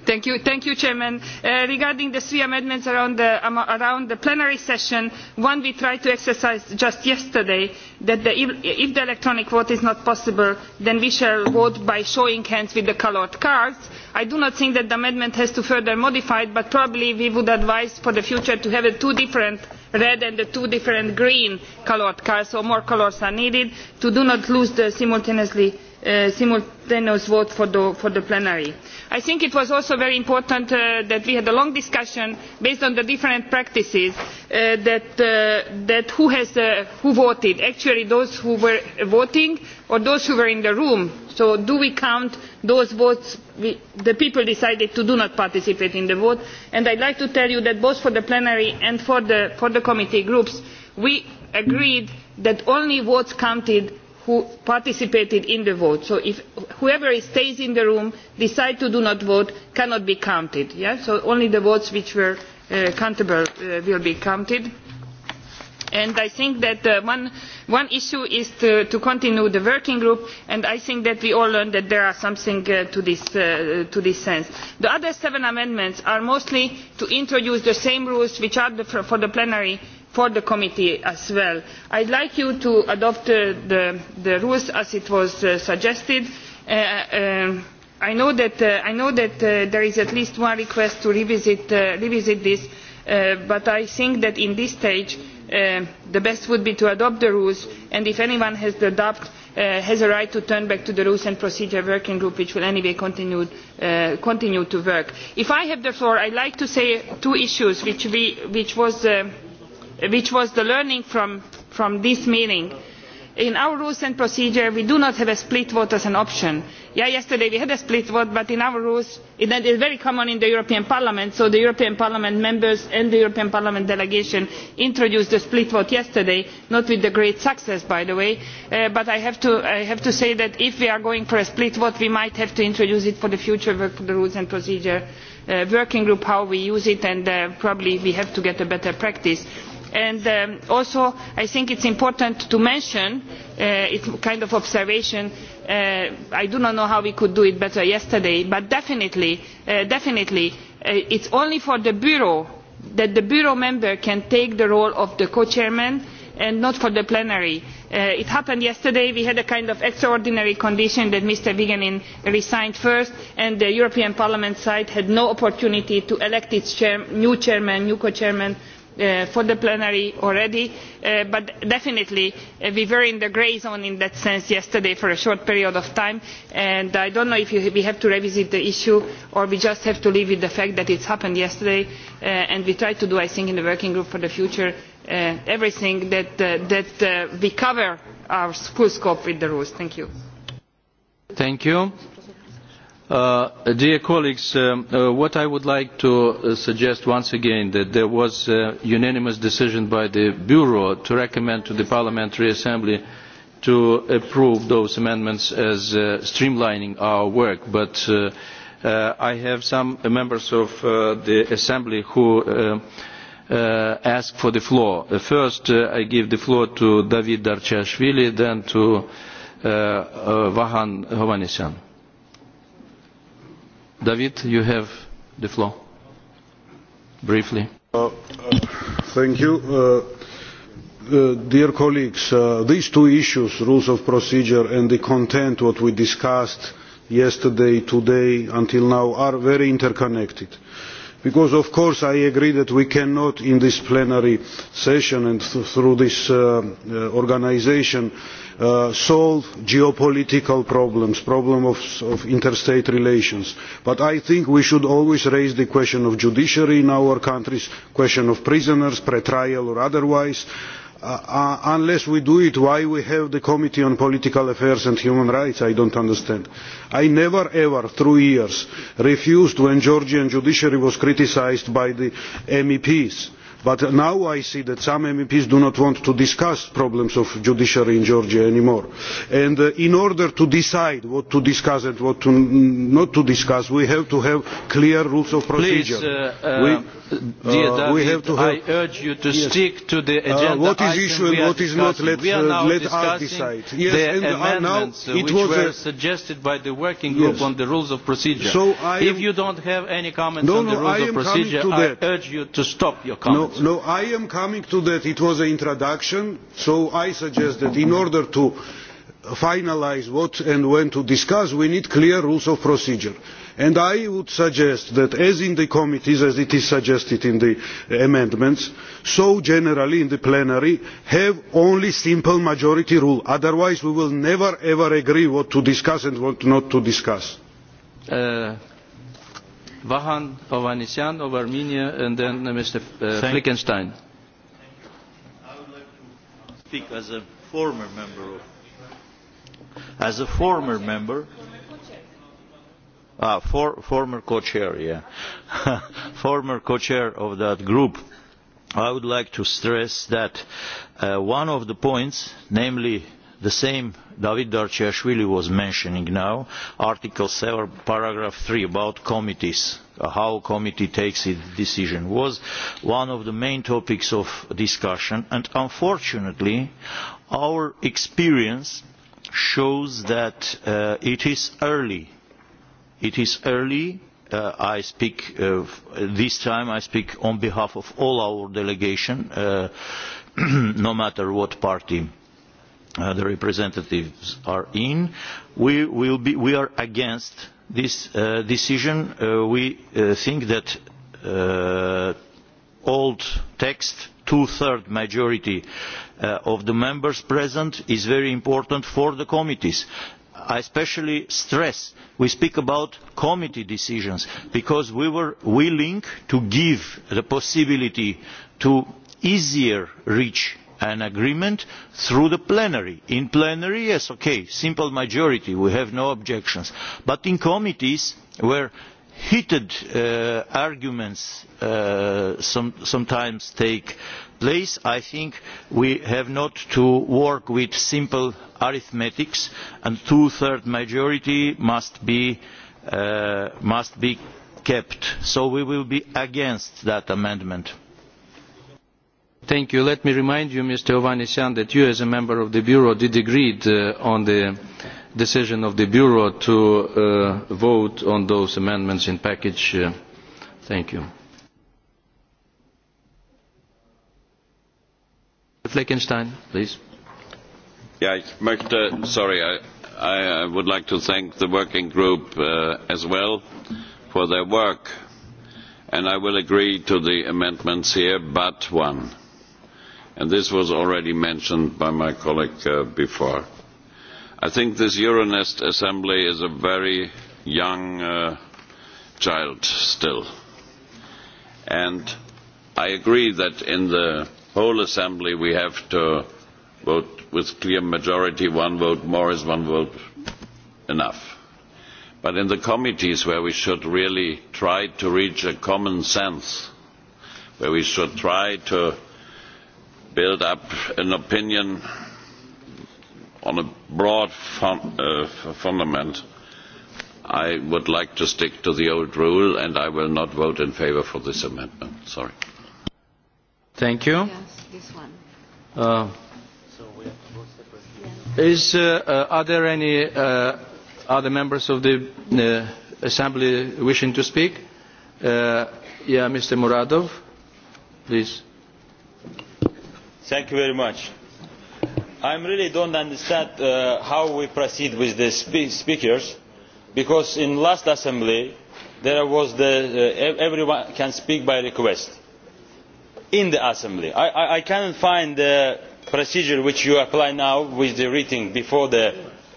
Thank you, thank you Chairman. Uh, regarding the three amendments around the, um, around the plenary session, one we tried to exercise just yesterday, that the, if the electronic vote is not possible, then we shall vote by showing hands with the coloured cards. I do not think that the amendment has to further modify it, but probably we would advise for the future to have a two different red and the two different green coloured cards, so more colours are needed to do not lose the simultaneously Uh, simultaneous vote for the, for the plenary. i think it was also very important uh, that we had a long discussion based on the different practices uh, that, uh, that who, has, uh, who voted actually those who were voting or those who were in the room so do we count those votes we, the people decided to do not participate in the vote and i would like to tell you that both for the plenary and for the, for the committee groups we agreed that only votes counted who participated in the vote so if whoever stays in the room decides to not vote cannot be counted yeah? so only the votes which were uh, countable uh, will be counted and i think that uh, one, one issue is to, to continue the working group and i think that we all learned that there is something uh, to this, uh, to this sense. the other seven amendments are mostly to introduce the same rules which are the, for the plenary for the committee as well. i would like you to adopt uh, the, the rules as was uh, suggested. Uh, uh i know that, uh, I know that uh, there is at least one request to revisit, revisit this but i think that at this stage the best would be to adopt the rules and if anyone has a doubt has a right to turn back to the rules and procedure working group which will anyway continue, uh, continue to work. if i have the floor i would like to say two issues which, we, which was uh, which was the learning from, from this meeting in our rules and procedure we do not have a split vote as an option. yes yesterday we had a split vote but in our rules that is very common in the european parliament so the european parliament members and the european parliament delegation introduced the split vote yesterday not with great success by the way uh, but I have, to, i have to say that if we are going for a split vote we might have to introduce it for the future work of the rules and procedure uh, working group how we use it and uh, probably we have to get a better practice and um, also i think it is important to mention uh, it is a kind of observation uh, i do not know how we could do it better yesterday but definitely, uh, definitely uh, it is only for the bureau that the bureau member can take the role of the co chair and not for the plenary. Uh, it happened yesterday we had a kind of extraordinary condition that mr vigenin resigned first and the european parliament side had no opportunity to elect its chair, new chairman new co chairman uh, for the plenary already uh, but definitely uh, we were in the grey zone in that sense yesterday for a short period of time and i do not know if you, we have to revisit the issue or we just have to live with the fact that it happened yesterday uh, and we try to do i think in the working group for the future uh, everything that, uh, that we cover our full scope with the rules. thank you. Thank you. Uh, dear colleagues, um, uh, what I would like to uh, suggest once again that there was a unanimous decision by the Bureau to recommend to the Parliamentary Assembly to approve those amendments as uh, streamlining our work. But uh, uh, I have some members of uh, the Assembly who uh, uh, ask for the floor. Uh, first, uh, I give the floor to David Darchashvili, then to uh, uh, Vahan Hovanesyan. David, you have the floor. Briefly. Uh, uh, thank you. Uh, Uh, dear colleagues, uh, these two issues, rules of procedure and the content, what we discussed yesterday, today, until now, are very interconnected. Because, of course, I agree that we cannot, in this plenary session and th through this uh, uh, organization, uh, uh, solve geopolitical problems, problems of, of interstate relations. But I think we should always raise the question of judiciary in our countries, question of prisoners, pretrial or otherwise. Uh, uh, unless we do it, why we have the Committee on Political Affairs and Human Rights, I don't understand. I never ever, through years, refused when Georgian judiciary was criticized by the MEPs but now i see that some meps do not want to discuss problems of judiciary in georgia anymore and uh, in order to decide what to discuss and what to not to discuss we have to have clear rules of procedure Please, uh, we, uh, dear we have to have, I urge you to yes. stick to the agenda. Uh, what is issue and what is not, let, we are now let us decide. Yes, the and amendments now it which was were a... suggested by the working group yes. on the rules of procedure. So I am... If you don't have any comments no, on the rules no, of procedure, I urge you to stop your comments. No, No, I am coming to that. It was an introduction, so I suggest that in order to finalise what and when to discuss, we need clear rules of procedure. And I would suggest that as in the committees, as it is suggested in the amendments, so generally in the plenary, have only simple majority rule. Otherwise we will never ever agree what to discuss and what not to discuss. Uh Vahan Ovanisyan of Armenia and then uh, Mr. Uh, Flickenstein. I would like to speak as a former member of as a former member ah, for, former co-chair yeah former co-chair of that group i would like to stress that uh, one of the points namely the same David Darciashvili was mentioning now, Article 7, paragraph 3 about committees, uh, how a committee takes its decision, was one of the main topics of discussion. And unfortunately, our experience shows that uh, it is early. It is early uh, I speak uh, this time I speak on behalf of all our delegation, uh, no matter what party uh, uh, the representatives are in. We, will be, we are against this uh, decision. Uh, we uh, think that uh, old text, two-thirds majority uh, of the members present is very important for the committees. I especially stress we speak about committee decisions because we were willing to give the possibility to easier reach an agreement through the plenary. in plenary yes ok simple majority we have no objections but in committees where heated uh, arguments uh, some, sometimes take place i think we have not to work with simple arithmetic and a two thirds majority must be, uh, must be kept so we will be against that amendment. Thank you. Let me remind you, Mr. Ovanesyan, that you as a member of the Bureau did agree uh, on the decision of the Bureau to uh, vote on those amendments in package. Uh, thank you. Fleckenstein, please. Yeah, ich uh, möchte, sorry, I, I would like to thank the working group uh, as well for their work. And I will agree to the amendments here, but one and this was already mentioned by my colleague uh, before. I think this Euronest assembly is a very young uh, child still. And I agree that in the whole assembly we have to vote with clear majority, one vote more is one vote enough. But in the committees where we should really try to reach a common sense, where we should try to build up an opinion on a broad fun, uh, fundament, I would like to stick to the old rule and I will not vote in favor for this amendment. Sorry. Thank you. Yes, this one. Uh, so we have to vote separately. Is, uh, uh, are there any uh, other members of the uh, Assembly wishing to speak? Uh, yeah, Mr. Muradov, please. Thank you very much. I really don't understand uh, how we proceed with the spe speakers, because in last assembly there was the uh, everyone can speak by request in the assembly. I, I, I cannot find the procedure which you apply now with the reading before the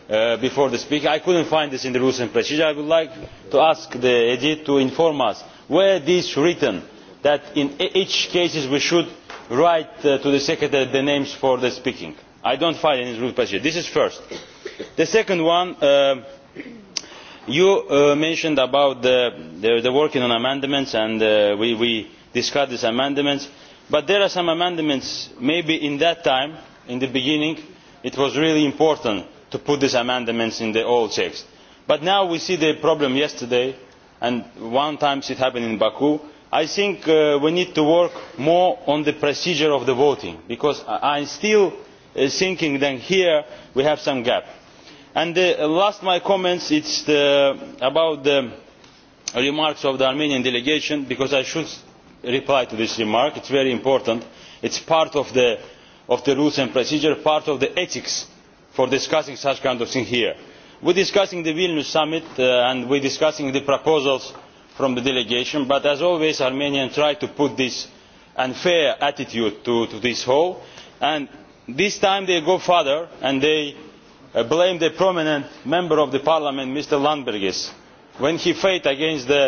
uh, before the speaker. I couldn't find this in the rules and procedure. I would like to ask the edit to inform us where this written that in e-, each cases we should write uh, to the secretary the names for the speaking. i do not find any rules procedure. this is first. the second one uh, you uh, mentioned about the, the, the working on amendments and uh, we, we discussed these amendments but there are some amendments maybe in that time in the beginning it was really important to put these amendments in the old text but now we see the problem yesterday and one time it happened in baku i think uh, we need to work more on the procedure of the voting because i still uh, think that here we have some gap. and the uh, last of my comments is about the remarks of the armenian delegation because i should reply to this remark it is very important it is part of the rules and procedure part of the ethics for discussing such kind of things here. we are discussing the vilnius summit and we are discussing the proposals from the delegation but as always armenia tried to put this unfair attitude to, to this whole and this time they go further and they uh, blame the prominent member of the parliament mr landsbergis when he fought against the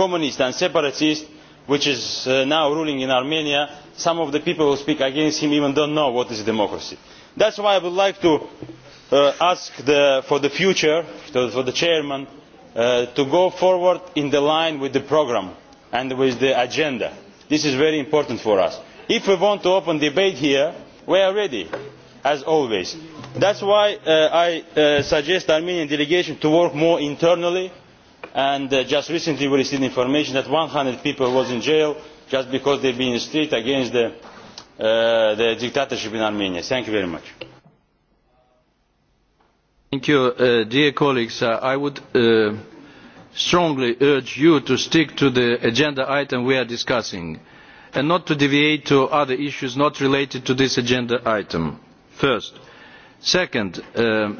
communists and separatists which is uh, now ruling in armenia some of the people who speak against him even don't know what is democracy that's why i would like to uh, ask the, for the future for the chairman uh, to go forward in line with the programme and with the agenda. this is very important for us. if we want to open debate here we are ready as always. that is why uh, i uh, suggest the armenian delegation to work more internally and uh, just recently we received information that one hundred people were in jail just because they have been in the street against the, uh, the dictatorship in armenia. thank you very much. Thank you, uh, dear colleagues. Uh, I would uh, strongly urge you to stick to the agenda item we are discussing and not to deviate to other issues not related to this agenda item. First. Second, uh,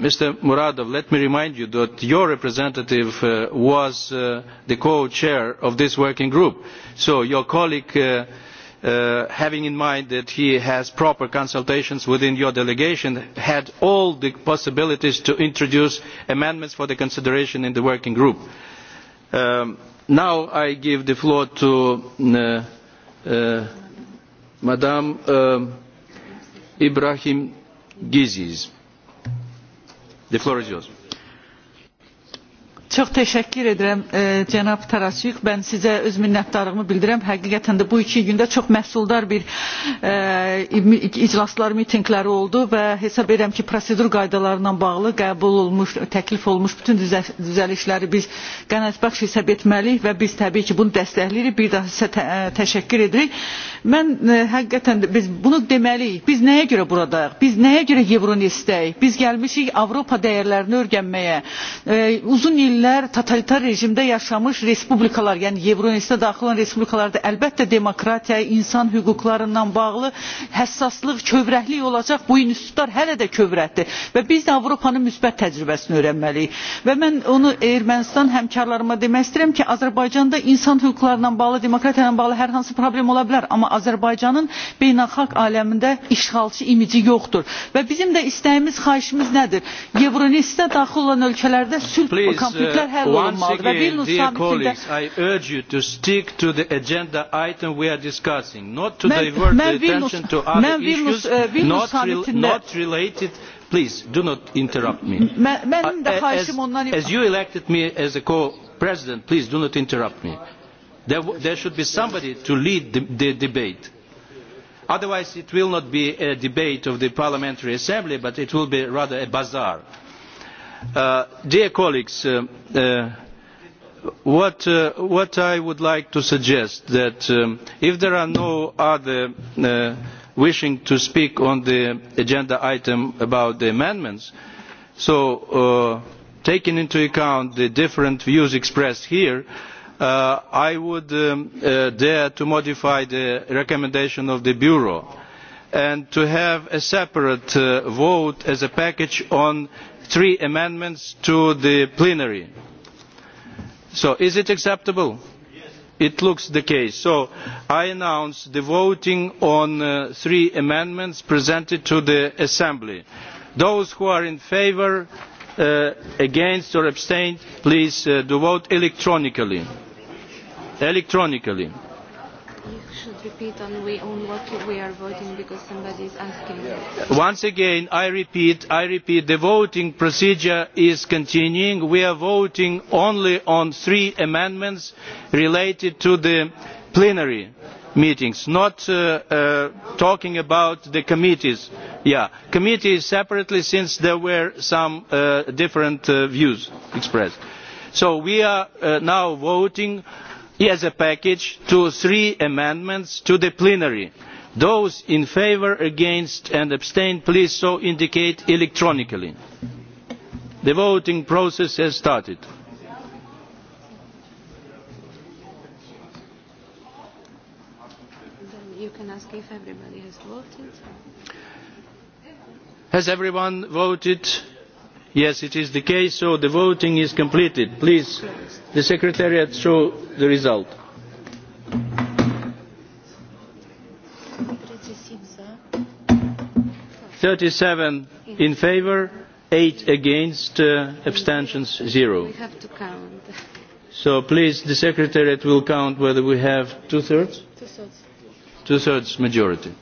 Mr. Muradov, let me remind you that your representative uh, was uh, the co-chair of this working group. So your colleague uh, uh, having in mind that he has proper consultations within your delegation, had all the possibilities to introduce amendments for the consideration in the working group. Um, now I give the floor to uh, uh, Madame um, Ibrahim Gizis. The floor is yours. Çox təşəkkür edirəm e, cənab Tarasyuk. Mən sizə öz minnətdarlığımı bildirəm. Həqiqətən də bu iki gündə çox məhsuldar bir e, iclaslar, mitinqləri oldu və hesab edirəm ki, prosedur qaydalarla bağlı qəbul olmuş, təklif olmuş bütün düzə, düzəlişləri biz qənaətbəxş hesab etməliyik və biz təbii ki, bunu dəstəkləyirik. Bir daha sizə tə, e, təşəkkür edirik. Mən e, həqiqətən də biz bunu deməliyik. Biz nəyə görə buradayıq? Biz nəyə görə Euronestdəyik? Biz gəlmişik Avropa dəyərlərini öyrənməyə. E, uzun illər ermeniler totalitar rejimde yaşamış respublikalar yəni yevroinstitutə daxil olan respublikalarda əlbəttə demokratiya insan hüquqlarından bağlı həssaslıq kövrəklik olacaq bu institutlar hələ də kövrəkdir və biz də avropanın müsbət təcrübəsini öyrənməliyik və mən onu ermənistan həmkarlarıma demək istəyirəm ki azərbaycanda insan hüquqlarla bağlı demokratiya ilə bağlı hər hansı problem ola bilər amma azərbaycanın beynəlxalq aləmində işğalçı imici yoxdur və bizim də istəyimiz xahişimiz nədir yevroinstitutə daxil olan ölkələrdə sülh konfliktlər nuclear have once remote. again, dear colleagues, that... I urge you to stick to the agenda item we are discussing, not to men, divert men the attention Vilnius, to other issues Vilnius, uh, Vilnius not, re not related. Please, do not interrupt me. Men, men uh, as, as you elected me as a co-president, please do not interrupt me. There, there should be somebody to lead the, the debate otherwise it will not be a debate of the parliamentary assembly but it will be rather a bazaar. Uh, dear colleagues, uh, uh, what, uh, what I would like to suggest that um, if there are no other uh, wishing to speak on the agenda item about the amendments, so uh, taking into account the different views expressed here, uh, I would um, uh, dare to modify the recommendation of the Bureau and to have a separate uh, vote as a package on three amendments to the plenary. So is it acceptable? Yes. It looks the case. So I announce the voting on uh, three amendments presented to the Assembly. Those who are in favour, uh, against or abstained, please uh, do vote electronically. Electronically. You should repeat on, we, on what we are voting because somebody is asking. Yeah. Once again, I repeat, I repeat, the voting procedure is continuing. We are voting only on three amendments related to the plenary meetings not uh, uh, talking about the committees. Yeah. committees separately since there were some uh, different uh, views expressed. so we are uh, now voting as a package to three amendments to the plenary. those in favour against and abstain please so indicate electronically. the voting process has started. you can ask if everybody has voted. has everyone voted? yes it is the case so the voting is completed. please the secretariat show the result. thirty seven in favour eight against uh, abstentions zero. so please the secretariat will count whether we have two thirds two thirds majority.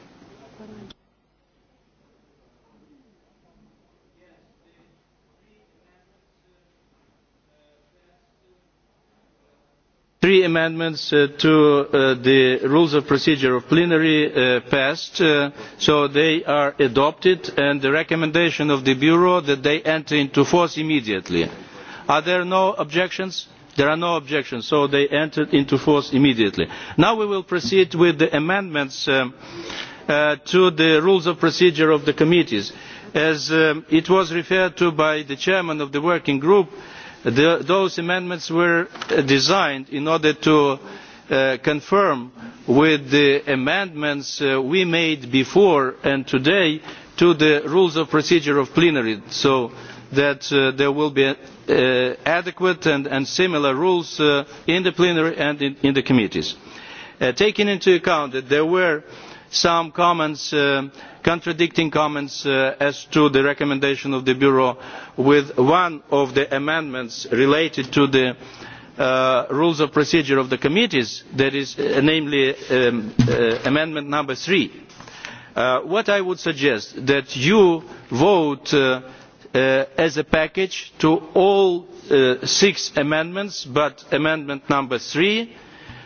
three amendments uh, to uh, the rules of procedure of plenary uh, passed uh, so they are adopted and the recommendation of the bureau that they enter into force immediately. are there no objections? there are no objections so they entered into force immediately. now we will proceed with the amendments um, uh, to the rules of procedure of the committees. as um, was referred to by the chairman of the working group The, those amendments were uh, designed in order to uh, confirm with the amendments uh, we made before and today to the rules of procedure of plenary so that uh, there will be uh, adequate and, and similar rules uh, in the plenary and in, in the committees. taking into account that there were some comments, uh, contradicting comments uh, as to the recommendation of the Bureau with one of the amendments related to the uh, rules of procedure of the committees, that is, uh, namely um, uh, amendment number three. Uh, what I would suggest is that you vote uh, uh, as a package to all uh, six amendments, but amendment number three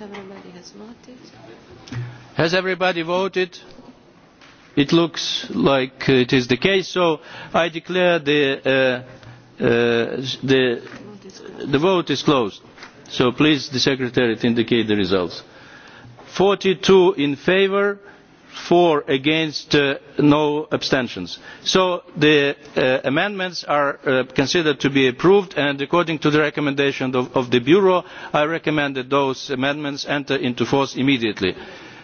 if everybody has voted. Has everybody voted? It looks like it is the case, so I declare the, uh, uh, the, the vote is closed. So please, the Secretariat, indicate the results. 42 in favour, four against uh, no abstentions. so the uh, amendments are uh, considered to be approved and according to the recommendation of, of the bureau i recommend that those amendments enter into force immediately.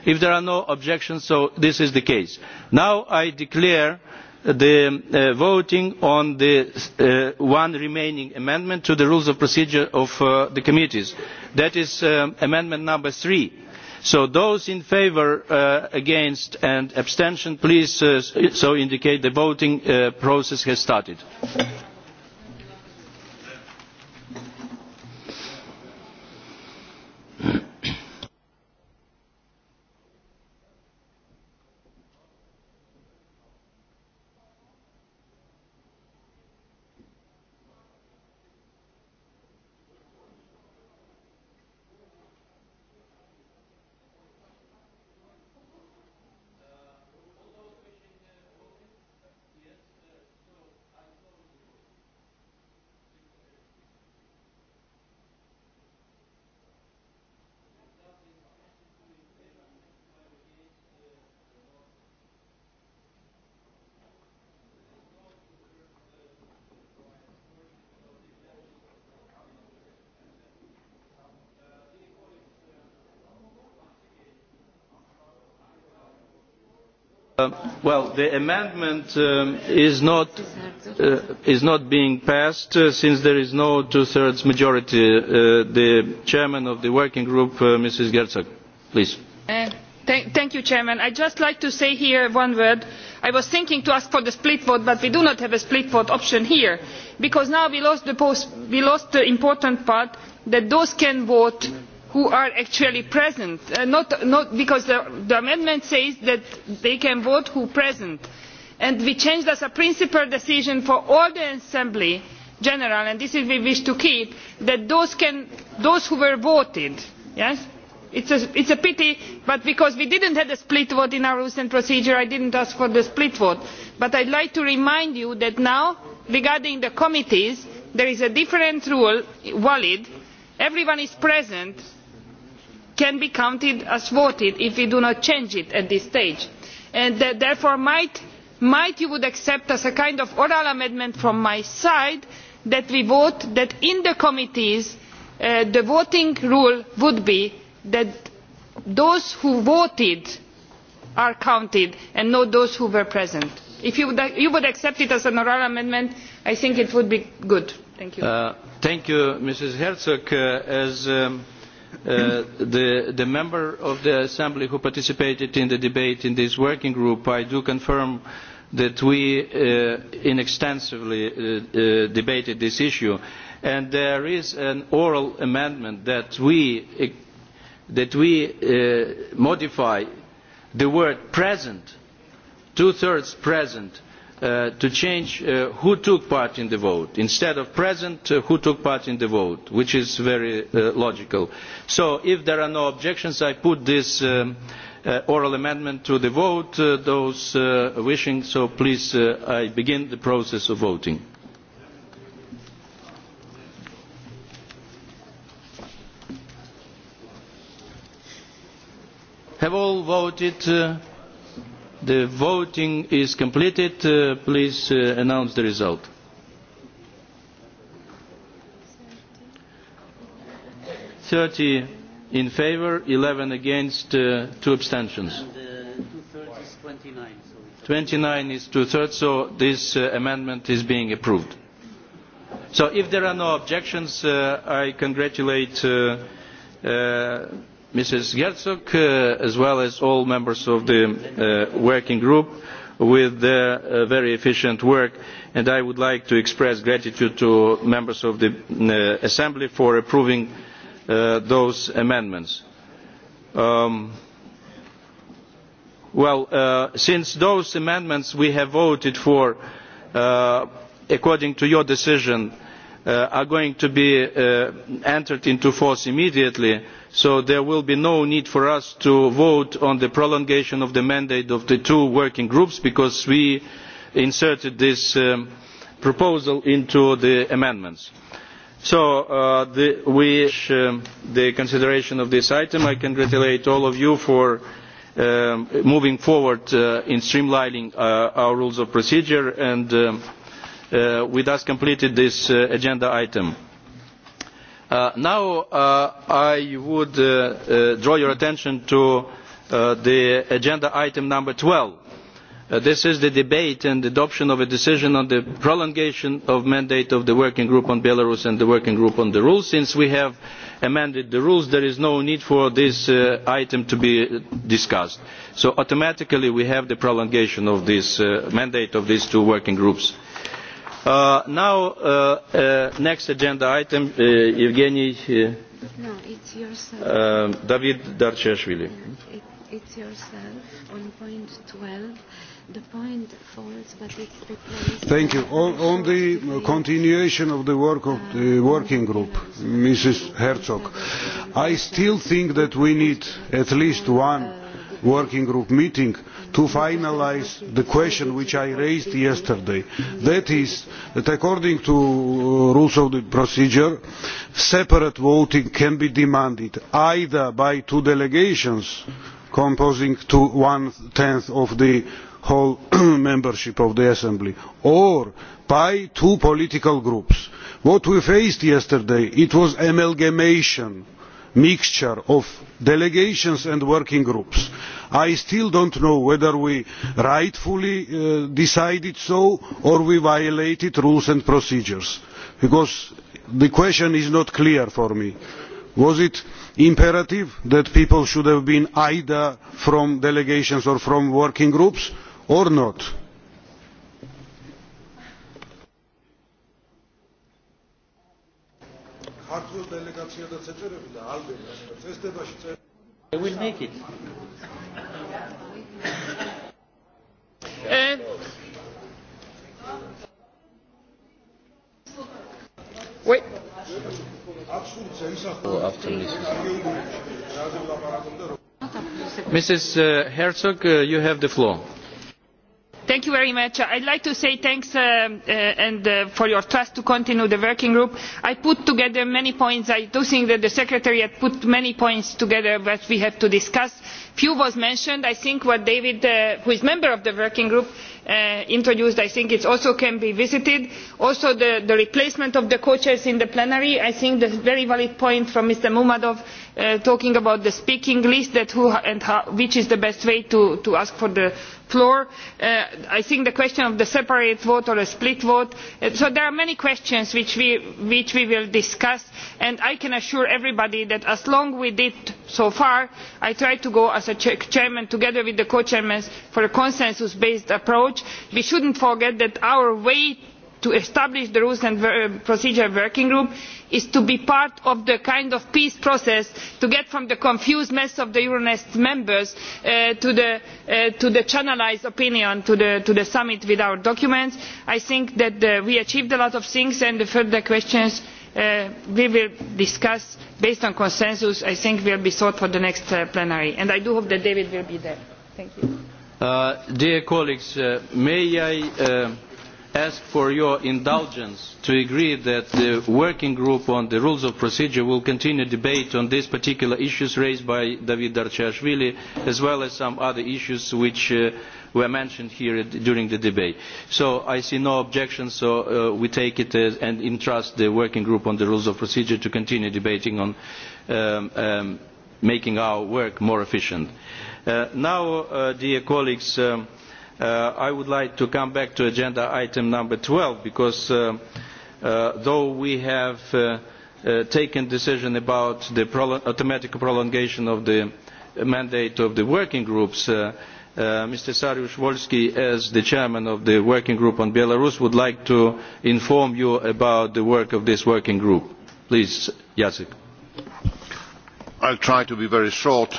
if there are no objections so this is the case. now i declare the uh, voting on the uh, one remaining amendment to the rules of procedure of uh, the committees that is um, amendment number three so those in favour uh, against and abstention please uh, so indicate the voting uh, process has started. Um, well the amendment um, is not uh, is not being passed uh, since there is no two thirds majority uh, the chairman of the working group uh, mrs Gerzak please uh, th thank you chairman i just like to say here one word i was thinking to ask for the split vote but we do not have a split vote option here because now we lost the post we lost the important part that those can vote who are actually present uh, not, not because the, the amendment says that they can vote who are present and we changed as a principal decision for all the assembly general and this is we wish to keep that those, can, those who were voted yes it is a pity but because we did not have a split vote in our rules and procedure i did not ask for the split vote but i would like to remind you that now regarding the committees there is a different rule valid everyone is present can be counted as voted if we do not change it at this stage and that therefore might, might you would accept as a kind of oral amendment from my side that we vote that in the committees uh, the voting rule would be that those who voted are counted and not those who were present. if you would, uh, you would accept it as an oral amendment i think it would be good. thank you. Uh, thank you mrs herczog. Uh, as um Uh, the, the member of the assembly who participated in the debate in this working group, I do confirm that we uh, in extensively uh, uh, debated this issue. And there is an oral amendment that we, uh, that we uh, modify the word present, two-thirds present, Uh, to change uh, who took part in the vote instead of present uh, who took part in the vote which is very uh, logical so if there are no objections i put this um, uh, oral amendment to the vote uh, those uh, wishing so please uh, i begin the process of voting have all voted uh, The voting is completed. Uh, please uh, announce the result. Thirty in favour, eleven against, uh, two abstentions. And, uh, two 29, so 29 is two-thirds, so this uh, amendment is being approved. So if there are no objections, uh, I congratulate uh, uh, Mrs. Herzog, uh, as well as all members of the uh, working group, with their uh, very efficient work. And I would like to express gratitude to members of the uh, Assembly for approving uh, those amendments. Um, well, uh, since those amendments we have voted for, uh, according to your decision, uh, uh, are going to be uh, entered into force immediately so there will be no need for us to vote on the prolongation of the mandate of the two working groups because we inserted this um, proposal into the amendments. So uh, the, we wish um, the consideration of this item. I congratulate all of you for um, moving forward uh, in streamlining uh, our rules of procedure and um, Uh, we thus completed this uh, agenda item. Uh, now uh, I would uh, uh, draw your attention to uh, the agenda item number 12. Uh, this is the debate and adoption of a decision on the prolongation of mandate of the working group on Belarus and the working group on the rules. Since we have amended the rules, there is no need for this uh, item to be discussed. So automatically we have the prolongation of this uh, mandate of these two working groups Uh, now, uh, uh, next agenda item, uh, Evgeny uh, no, it's yourself. uh, David Darcheshvili. Yeah, it, it's yourself on point 12. The point falls, but it's replaced. Thank you. On, on the continuation of the work of the working group, Mrs. Herzog, I still think that we need at least one working group meeting uh, to finalise the question which I raised yesterday. That is, that according to uh, rules of the procedure, separate voting can be demanded either by two delegations composing to one-tenth of the whole membership of the assembly or by two political groups. what we faced yesterday was an amalgamation a mixture of delegations and working groups i still do not know whether we rightfully uh, decided so or we violated rules and procedures because the question is not clear for me. was it imperative that people should have been either from delegations or from working groups or not? ქართულ დელეგაციადაც ეწერებოდა ალბერტს ეს დებაში წერდა. We will make it. Eh, oui. Mrs. Herzog, uh, you have the floor. Thank you very much. I'd like to say thanks uh, uh, and uh, for your trust to continue the working group. I put together many points. I do think that the Secretariat put many points together that we have to discuss few was mentioned i think what david uh, who is a member of the working group uh, introduced i think it also can be visited also the, the replacement of the co chairs in the plenary i think the very valid point from mr mammadov uh, talking about the speaking list that who and how, which is the best way to, to ask for the floor uh, i think the question of the separate vote or a split vote uh, so there are many questions which we, which we will discuss and i can assure everybody that as long as we did so far i tried to go as chairman together with the co chairmen for a consensus based approach. we should not forget that our way to establish the rules and procedure working group is to be part of the kind of peace process to get from the confused mess of the euronest members uh, to the, uh, the channelised opinion to the, to the summit with our documents. i think that uh, we achieved a lot of things and the further questions uh, we will discuss based on consensus i think will be sought for the next uh, plenary and i do hope that david will be there. thank you. Uh, dear colleagues uh, may i uh, ask for your indulgence to agree that the working group on the rules of procedure will continue debate on these particular issues raised by David Darchashvili as well as some other issues which uh, were mentioned here during the debate. So I see no objection, so uh, we take it as, and entrust the working group on the rules of procedure to continue debating on um, um, making our work more efficient. Uh, now, uh, dear colleagues, um, uh, uh, I would like to come back to agenda item number 12 because uh, uh, though we have uh, uh, taken decision about the prolo automatic prolongation of the mandate of the working groups, uh, Uh, mr saryusz wolski as the chairman of the working group on belarus would like to inform you about the work of this working group. please jacek. i will try to be very short.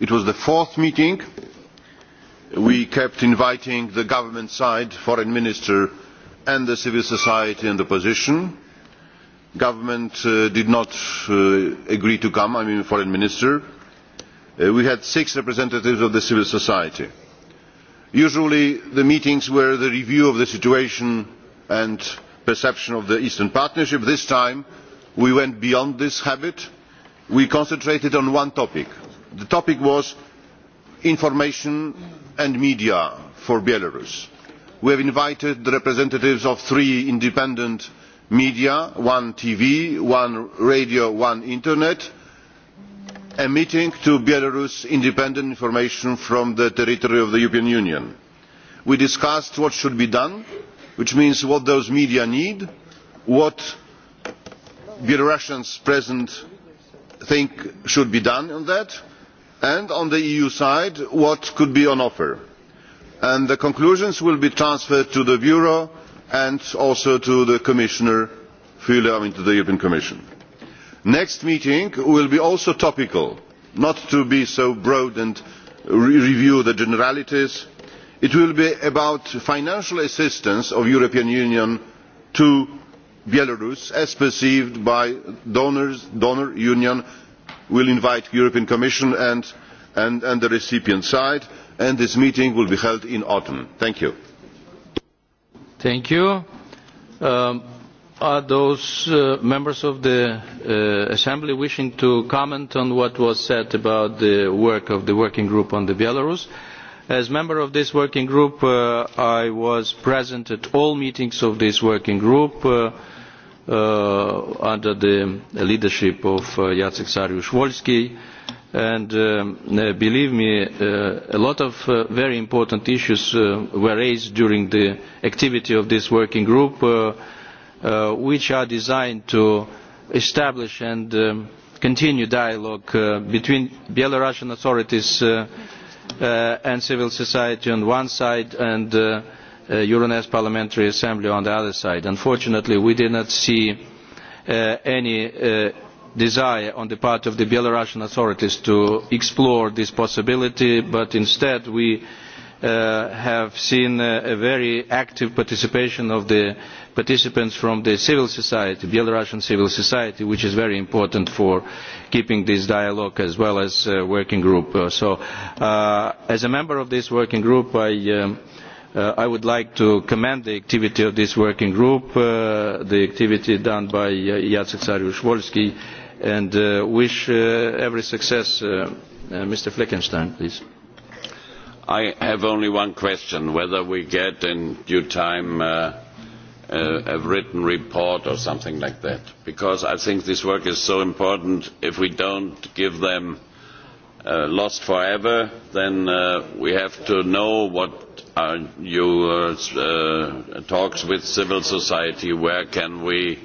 it was the fourth meeting we kept inviting the government side the foreign minister and civil society and the opposition. the government uh, did not uh, agree to come i mean the foreign minister. Uh, we had six representatives of civil society. usually the meetings were the review of the situation and perception of the eastern partnership. this time we went beyond this habit. we concentrated on one topic. the topic was information and media for belarus. we have invited the representatives of three independent media one tv one radio one internet a meeting to belarus independent information from the territory of the european union. we discussed what should be done which means what those media need what belarusians present think should be done on that and on the eu side what could be on offer and the conclusions will be transferred to the bureau and also to commissioner fle i mean to the european commission. the next meeting will also be topical not to be so broad and review the generalities. it will be about financial assistance of the european union to belarus as perceived by donors the donor union will invite the european commission and, and, and the recipient side and this meeting will be held in autumn. thank you. Thank you. Um, are those uh, members of the uh, assembly wishing to comment on what was said about the work of the working group on the belarus? as member of this working group uh, i was present at all meetings of this working group. Uh, uh, under the leadership of uh, Jacek Sariusz-Wolski. And um, uh, believe me, uh, a lot of uh, very important issues uh, were raised during the activity of this working group, uh, uh, which are designed to establish and um, continue dialogue uh, between Belarusian authorities uh, uh, and civil society on one side and uh, uh, Euronest Parliamentary Assembly on the other side. Unfortunately, we did not see uh, any uh, desire on the part of the Belarusian authorities to explore this possibility, but instead we uh, have seen uh, a very active participation of the participants from the civil society, Belarusian civil society, which is very important for keeping this dialogue as well as uh, working group. Uh, so, uh, as a member of this working group, I um, Uh, I would like to commend the activity of this working group, uh, the activity done by uh, Jacek Sariusz-Wolski, and uh, wish uh, every success. Uh, uh, Mr. Fleckenstein, please. I have only one question, whether we get in due time uh, a, uh, a written report or something like that, because I think this work is so important. If we don't give them uh, uh, lost forever, then uh, we have to know what are your uh, uh, talks with civil society, where can we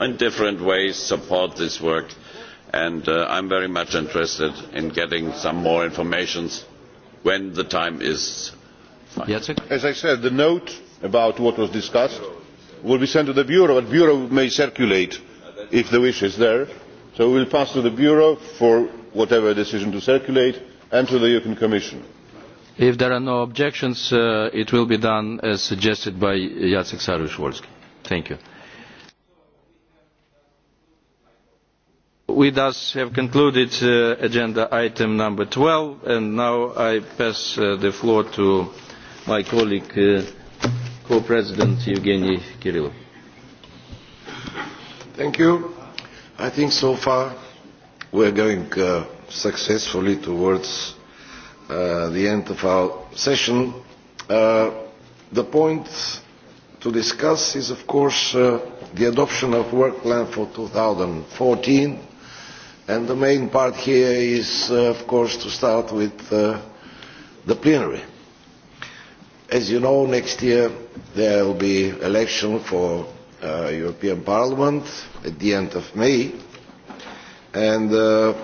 in different ways support this work. And uh, I'm very much interested in getting some more information when the time is fine. Jacek? As I said, the note about what was discussed will be sent to the Bureau, and the Bureau may circulate if the wish is there so we will pass to the bureau for whatever decision to circulate and to the european commission. if there are no objections uh, it will be done as suggested by jacek saryusz-wolski. thank you. we thus have concluded uh, agenda item number 12 and now i pass uh, the floor to my colleague uh, co-president evgeny kirilov. thank you. I think so far we are going uh, successfully towards uh, the end of our session. Uh, the point to discuss is, of course, uh, the adoption of work plan for 2014. And the main part here is, uh, of course, to start with uh, the plenary. As you know, next year there will be election for uh, European Parliament at the end of May, and uh,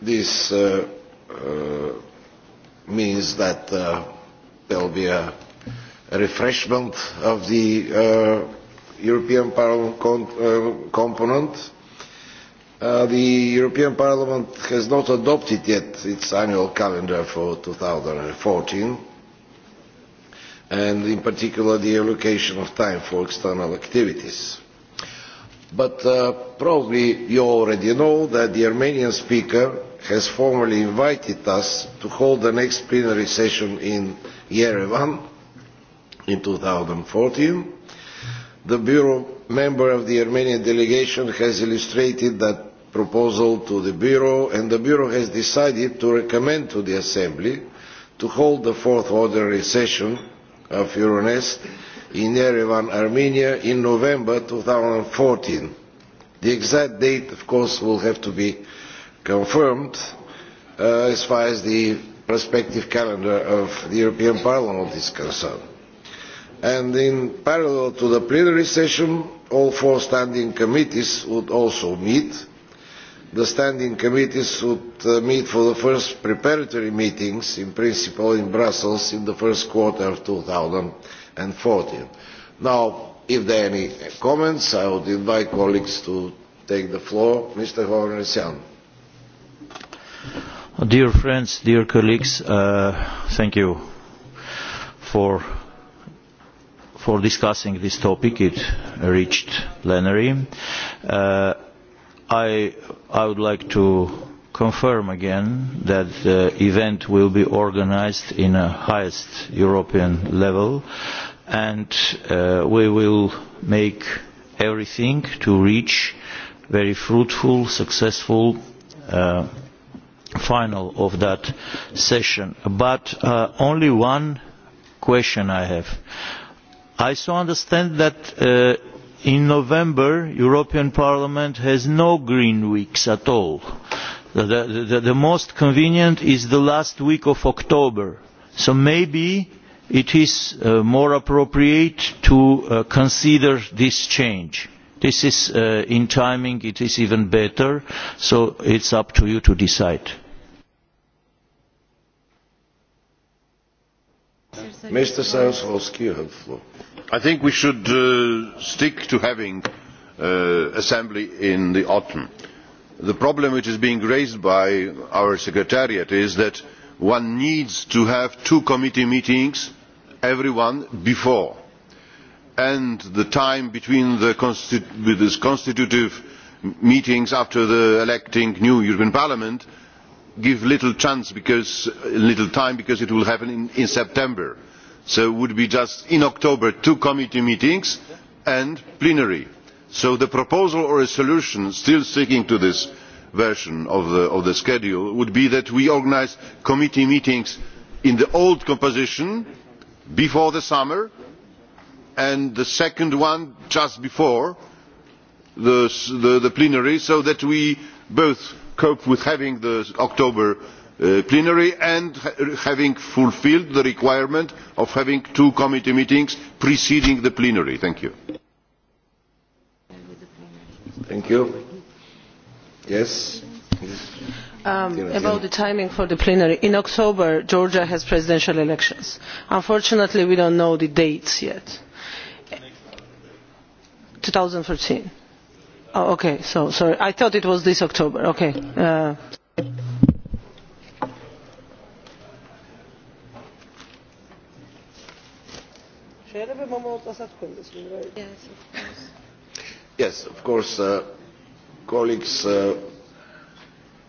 this uh, uh, means that uh, there will be a refreshment of the uh, European Parliament con- uh, component. Uh, the European Parliament has not adopted yet its annual calendar for 2014 and in particular the allocation of time for external activities. But uh, probably you already know that the Armenian speaker has formally invited us to hold the next plenary session in Yerevan in 2014. The Bureau member of the Armenian delegation has illustrated that proposal to the Bureau and the Bureau has decided to recommend to the Assembly to hold the fourth ordinary session of Euronest in Yerevan, Armenia in November 2014. The exact date, of course, will have to be confirmed uh, as far as the prospective calendar of the European Parliament is concerned. And in parallel to the plenary session, all four standing committees would also meet the standing committees would uh, meet for the first preparatory meetings in principle in Brussels in the first quarter of 2014. Now, if there are any comments, I would invite colleagues to take the floor. Mr. Hovnesian. Dear friends, dear colleagues, uh, thank you for for discussing this topic. It reached plenary. Uh, I, I would like to confirm again that the event will be organized in the highest European level and uh, we will make everything to reach very fruitful, successful uh, final of that session. But uh, only one question I have. I so understand that uh, in november the european parliament has no green weeks at all. the, the, the most convenient is the last week of october so maybe it is uh, more appropriate to uh, consider this change. this is uh, in timing it is even better so it is up to you to decide. Mr. Saryusz-Wolski, you have the floor. I think we should uh, stick to having uh, assembly in the autumn. The problem which is being raised by our secretariat is that one needs to have two committee meetings, every one before, and the time between the constitu constitutive meetings after the electing new European Parliament give little chance because little time because it will happen in, in september so it would be just in october two committee meetings and plenary. so the proposal or a solution still sticking to this version of the, of the schedule would be that we organise committee meetings in the old composition before the summer and the second one just before the, the, the plenary so that we both cope with having the october uh, plenary and ha having fulfilled the requirement of having two committee meetings preceding the plenary. thank you. Thank you. Yes. Um, about the timing for the plenary in october georgia has presidential elections. unfortunately we do not know the dates yet. two thousand and thirteen Oh, okay. So sorry, I thought it was this October. Okay. Uh, yes, of course, uh, colleagues. Uh,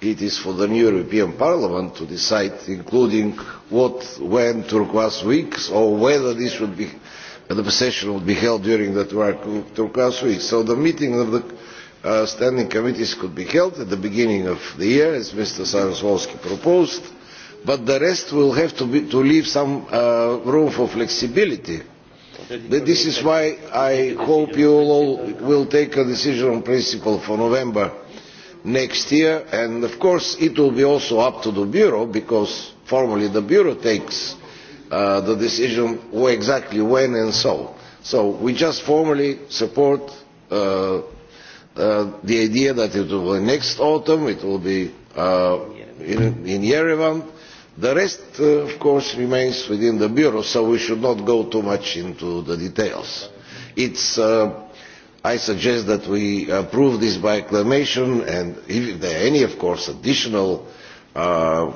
it is for the new European Parliament to decide, including what, when turquoise weeks, or whether this should be and the session would be held during the Turkos week. So the meeting of the uh, standing committees could be held at the beginning of the year, as Mr. Saraswalski proposed, but the rest will have to, be, to leave some uh, room for flexibility. This is why I hope you all will take a decision on principle for November next year, and of course it will be also up to the Bureau, because formally the Bureau takes uh, the decision where exactly when and so. So we just formally support uh, uh, the idea that it will be next autumn, it will be uh, in, in Yerevan. The rest, uh, of course, remains within the Bureau, so we should not go too much into the details. It's, uh, I suggest that we approve this by acclamation, and if there are any, of course, additional uh,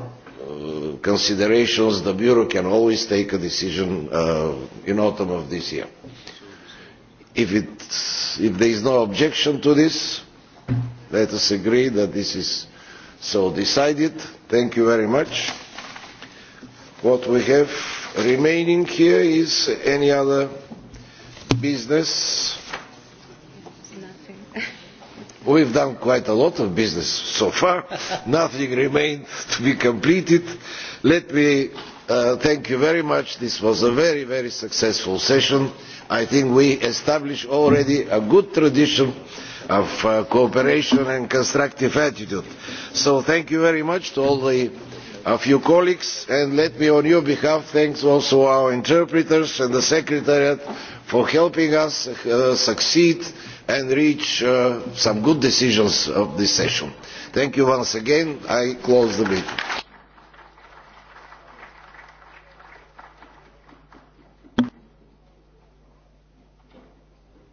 uh, considerations, the Bureau can always take a decision uh, in autumn of this year. If, if there is no objection to this, let us agree that this is so decided. Thank you very much. What we have remaining here is any other business We've done quite a lot of business so far. Nothing remains to be completed. Let me uh, thank you very much. This was a very, very successful session. I think we established already a good tradition of uh, cooperation and constructive attitude. So thank you very much to all the of you colleagues and let me on your behalf thank also our interpreters and the secretariat for helping us uh, succeed in and reach uh, some good decisions of this session. Thank you once again. I close the meeting.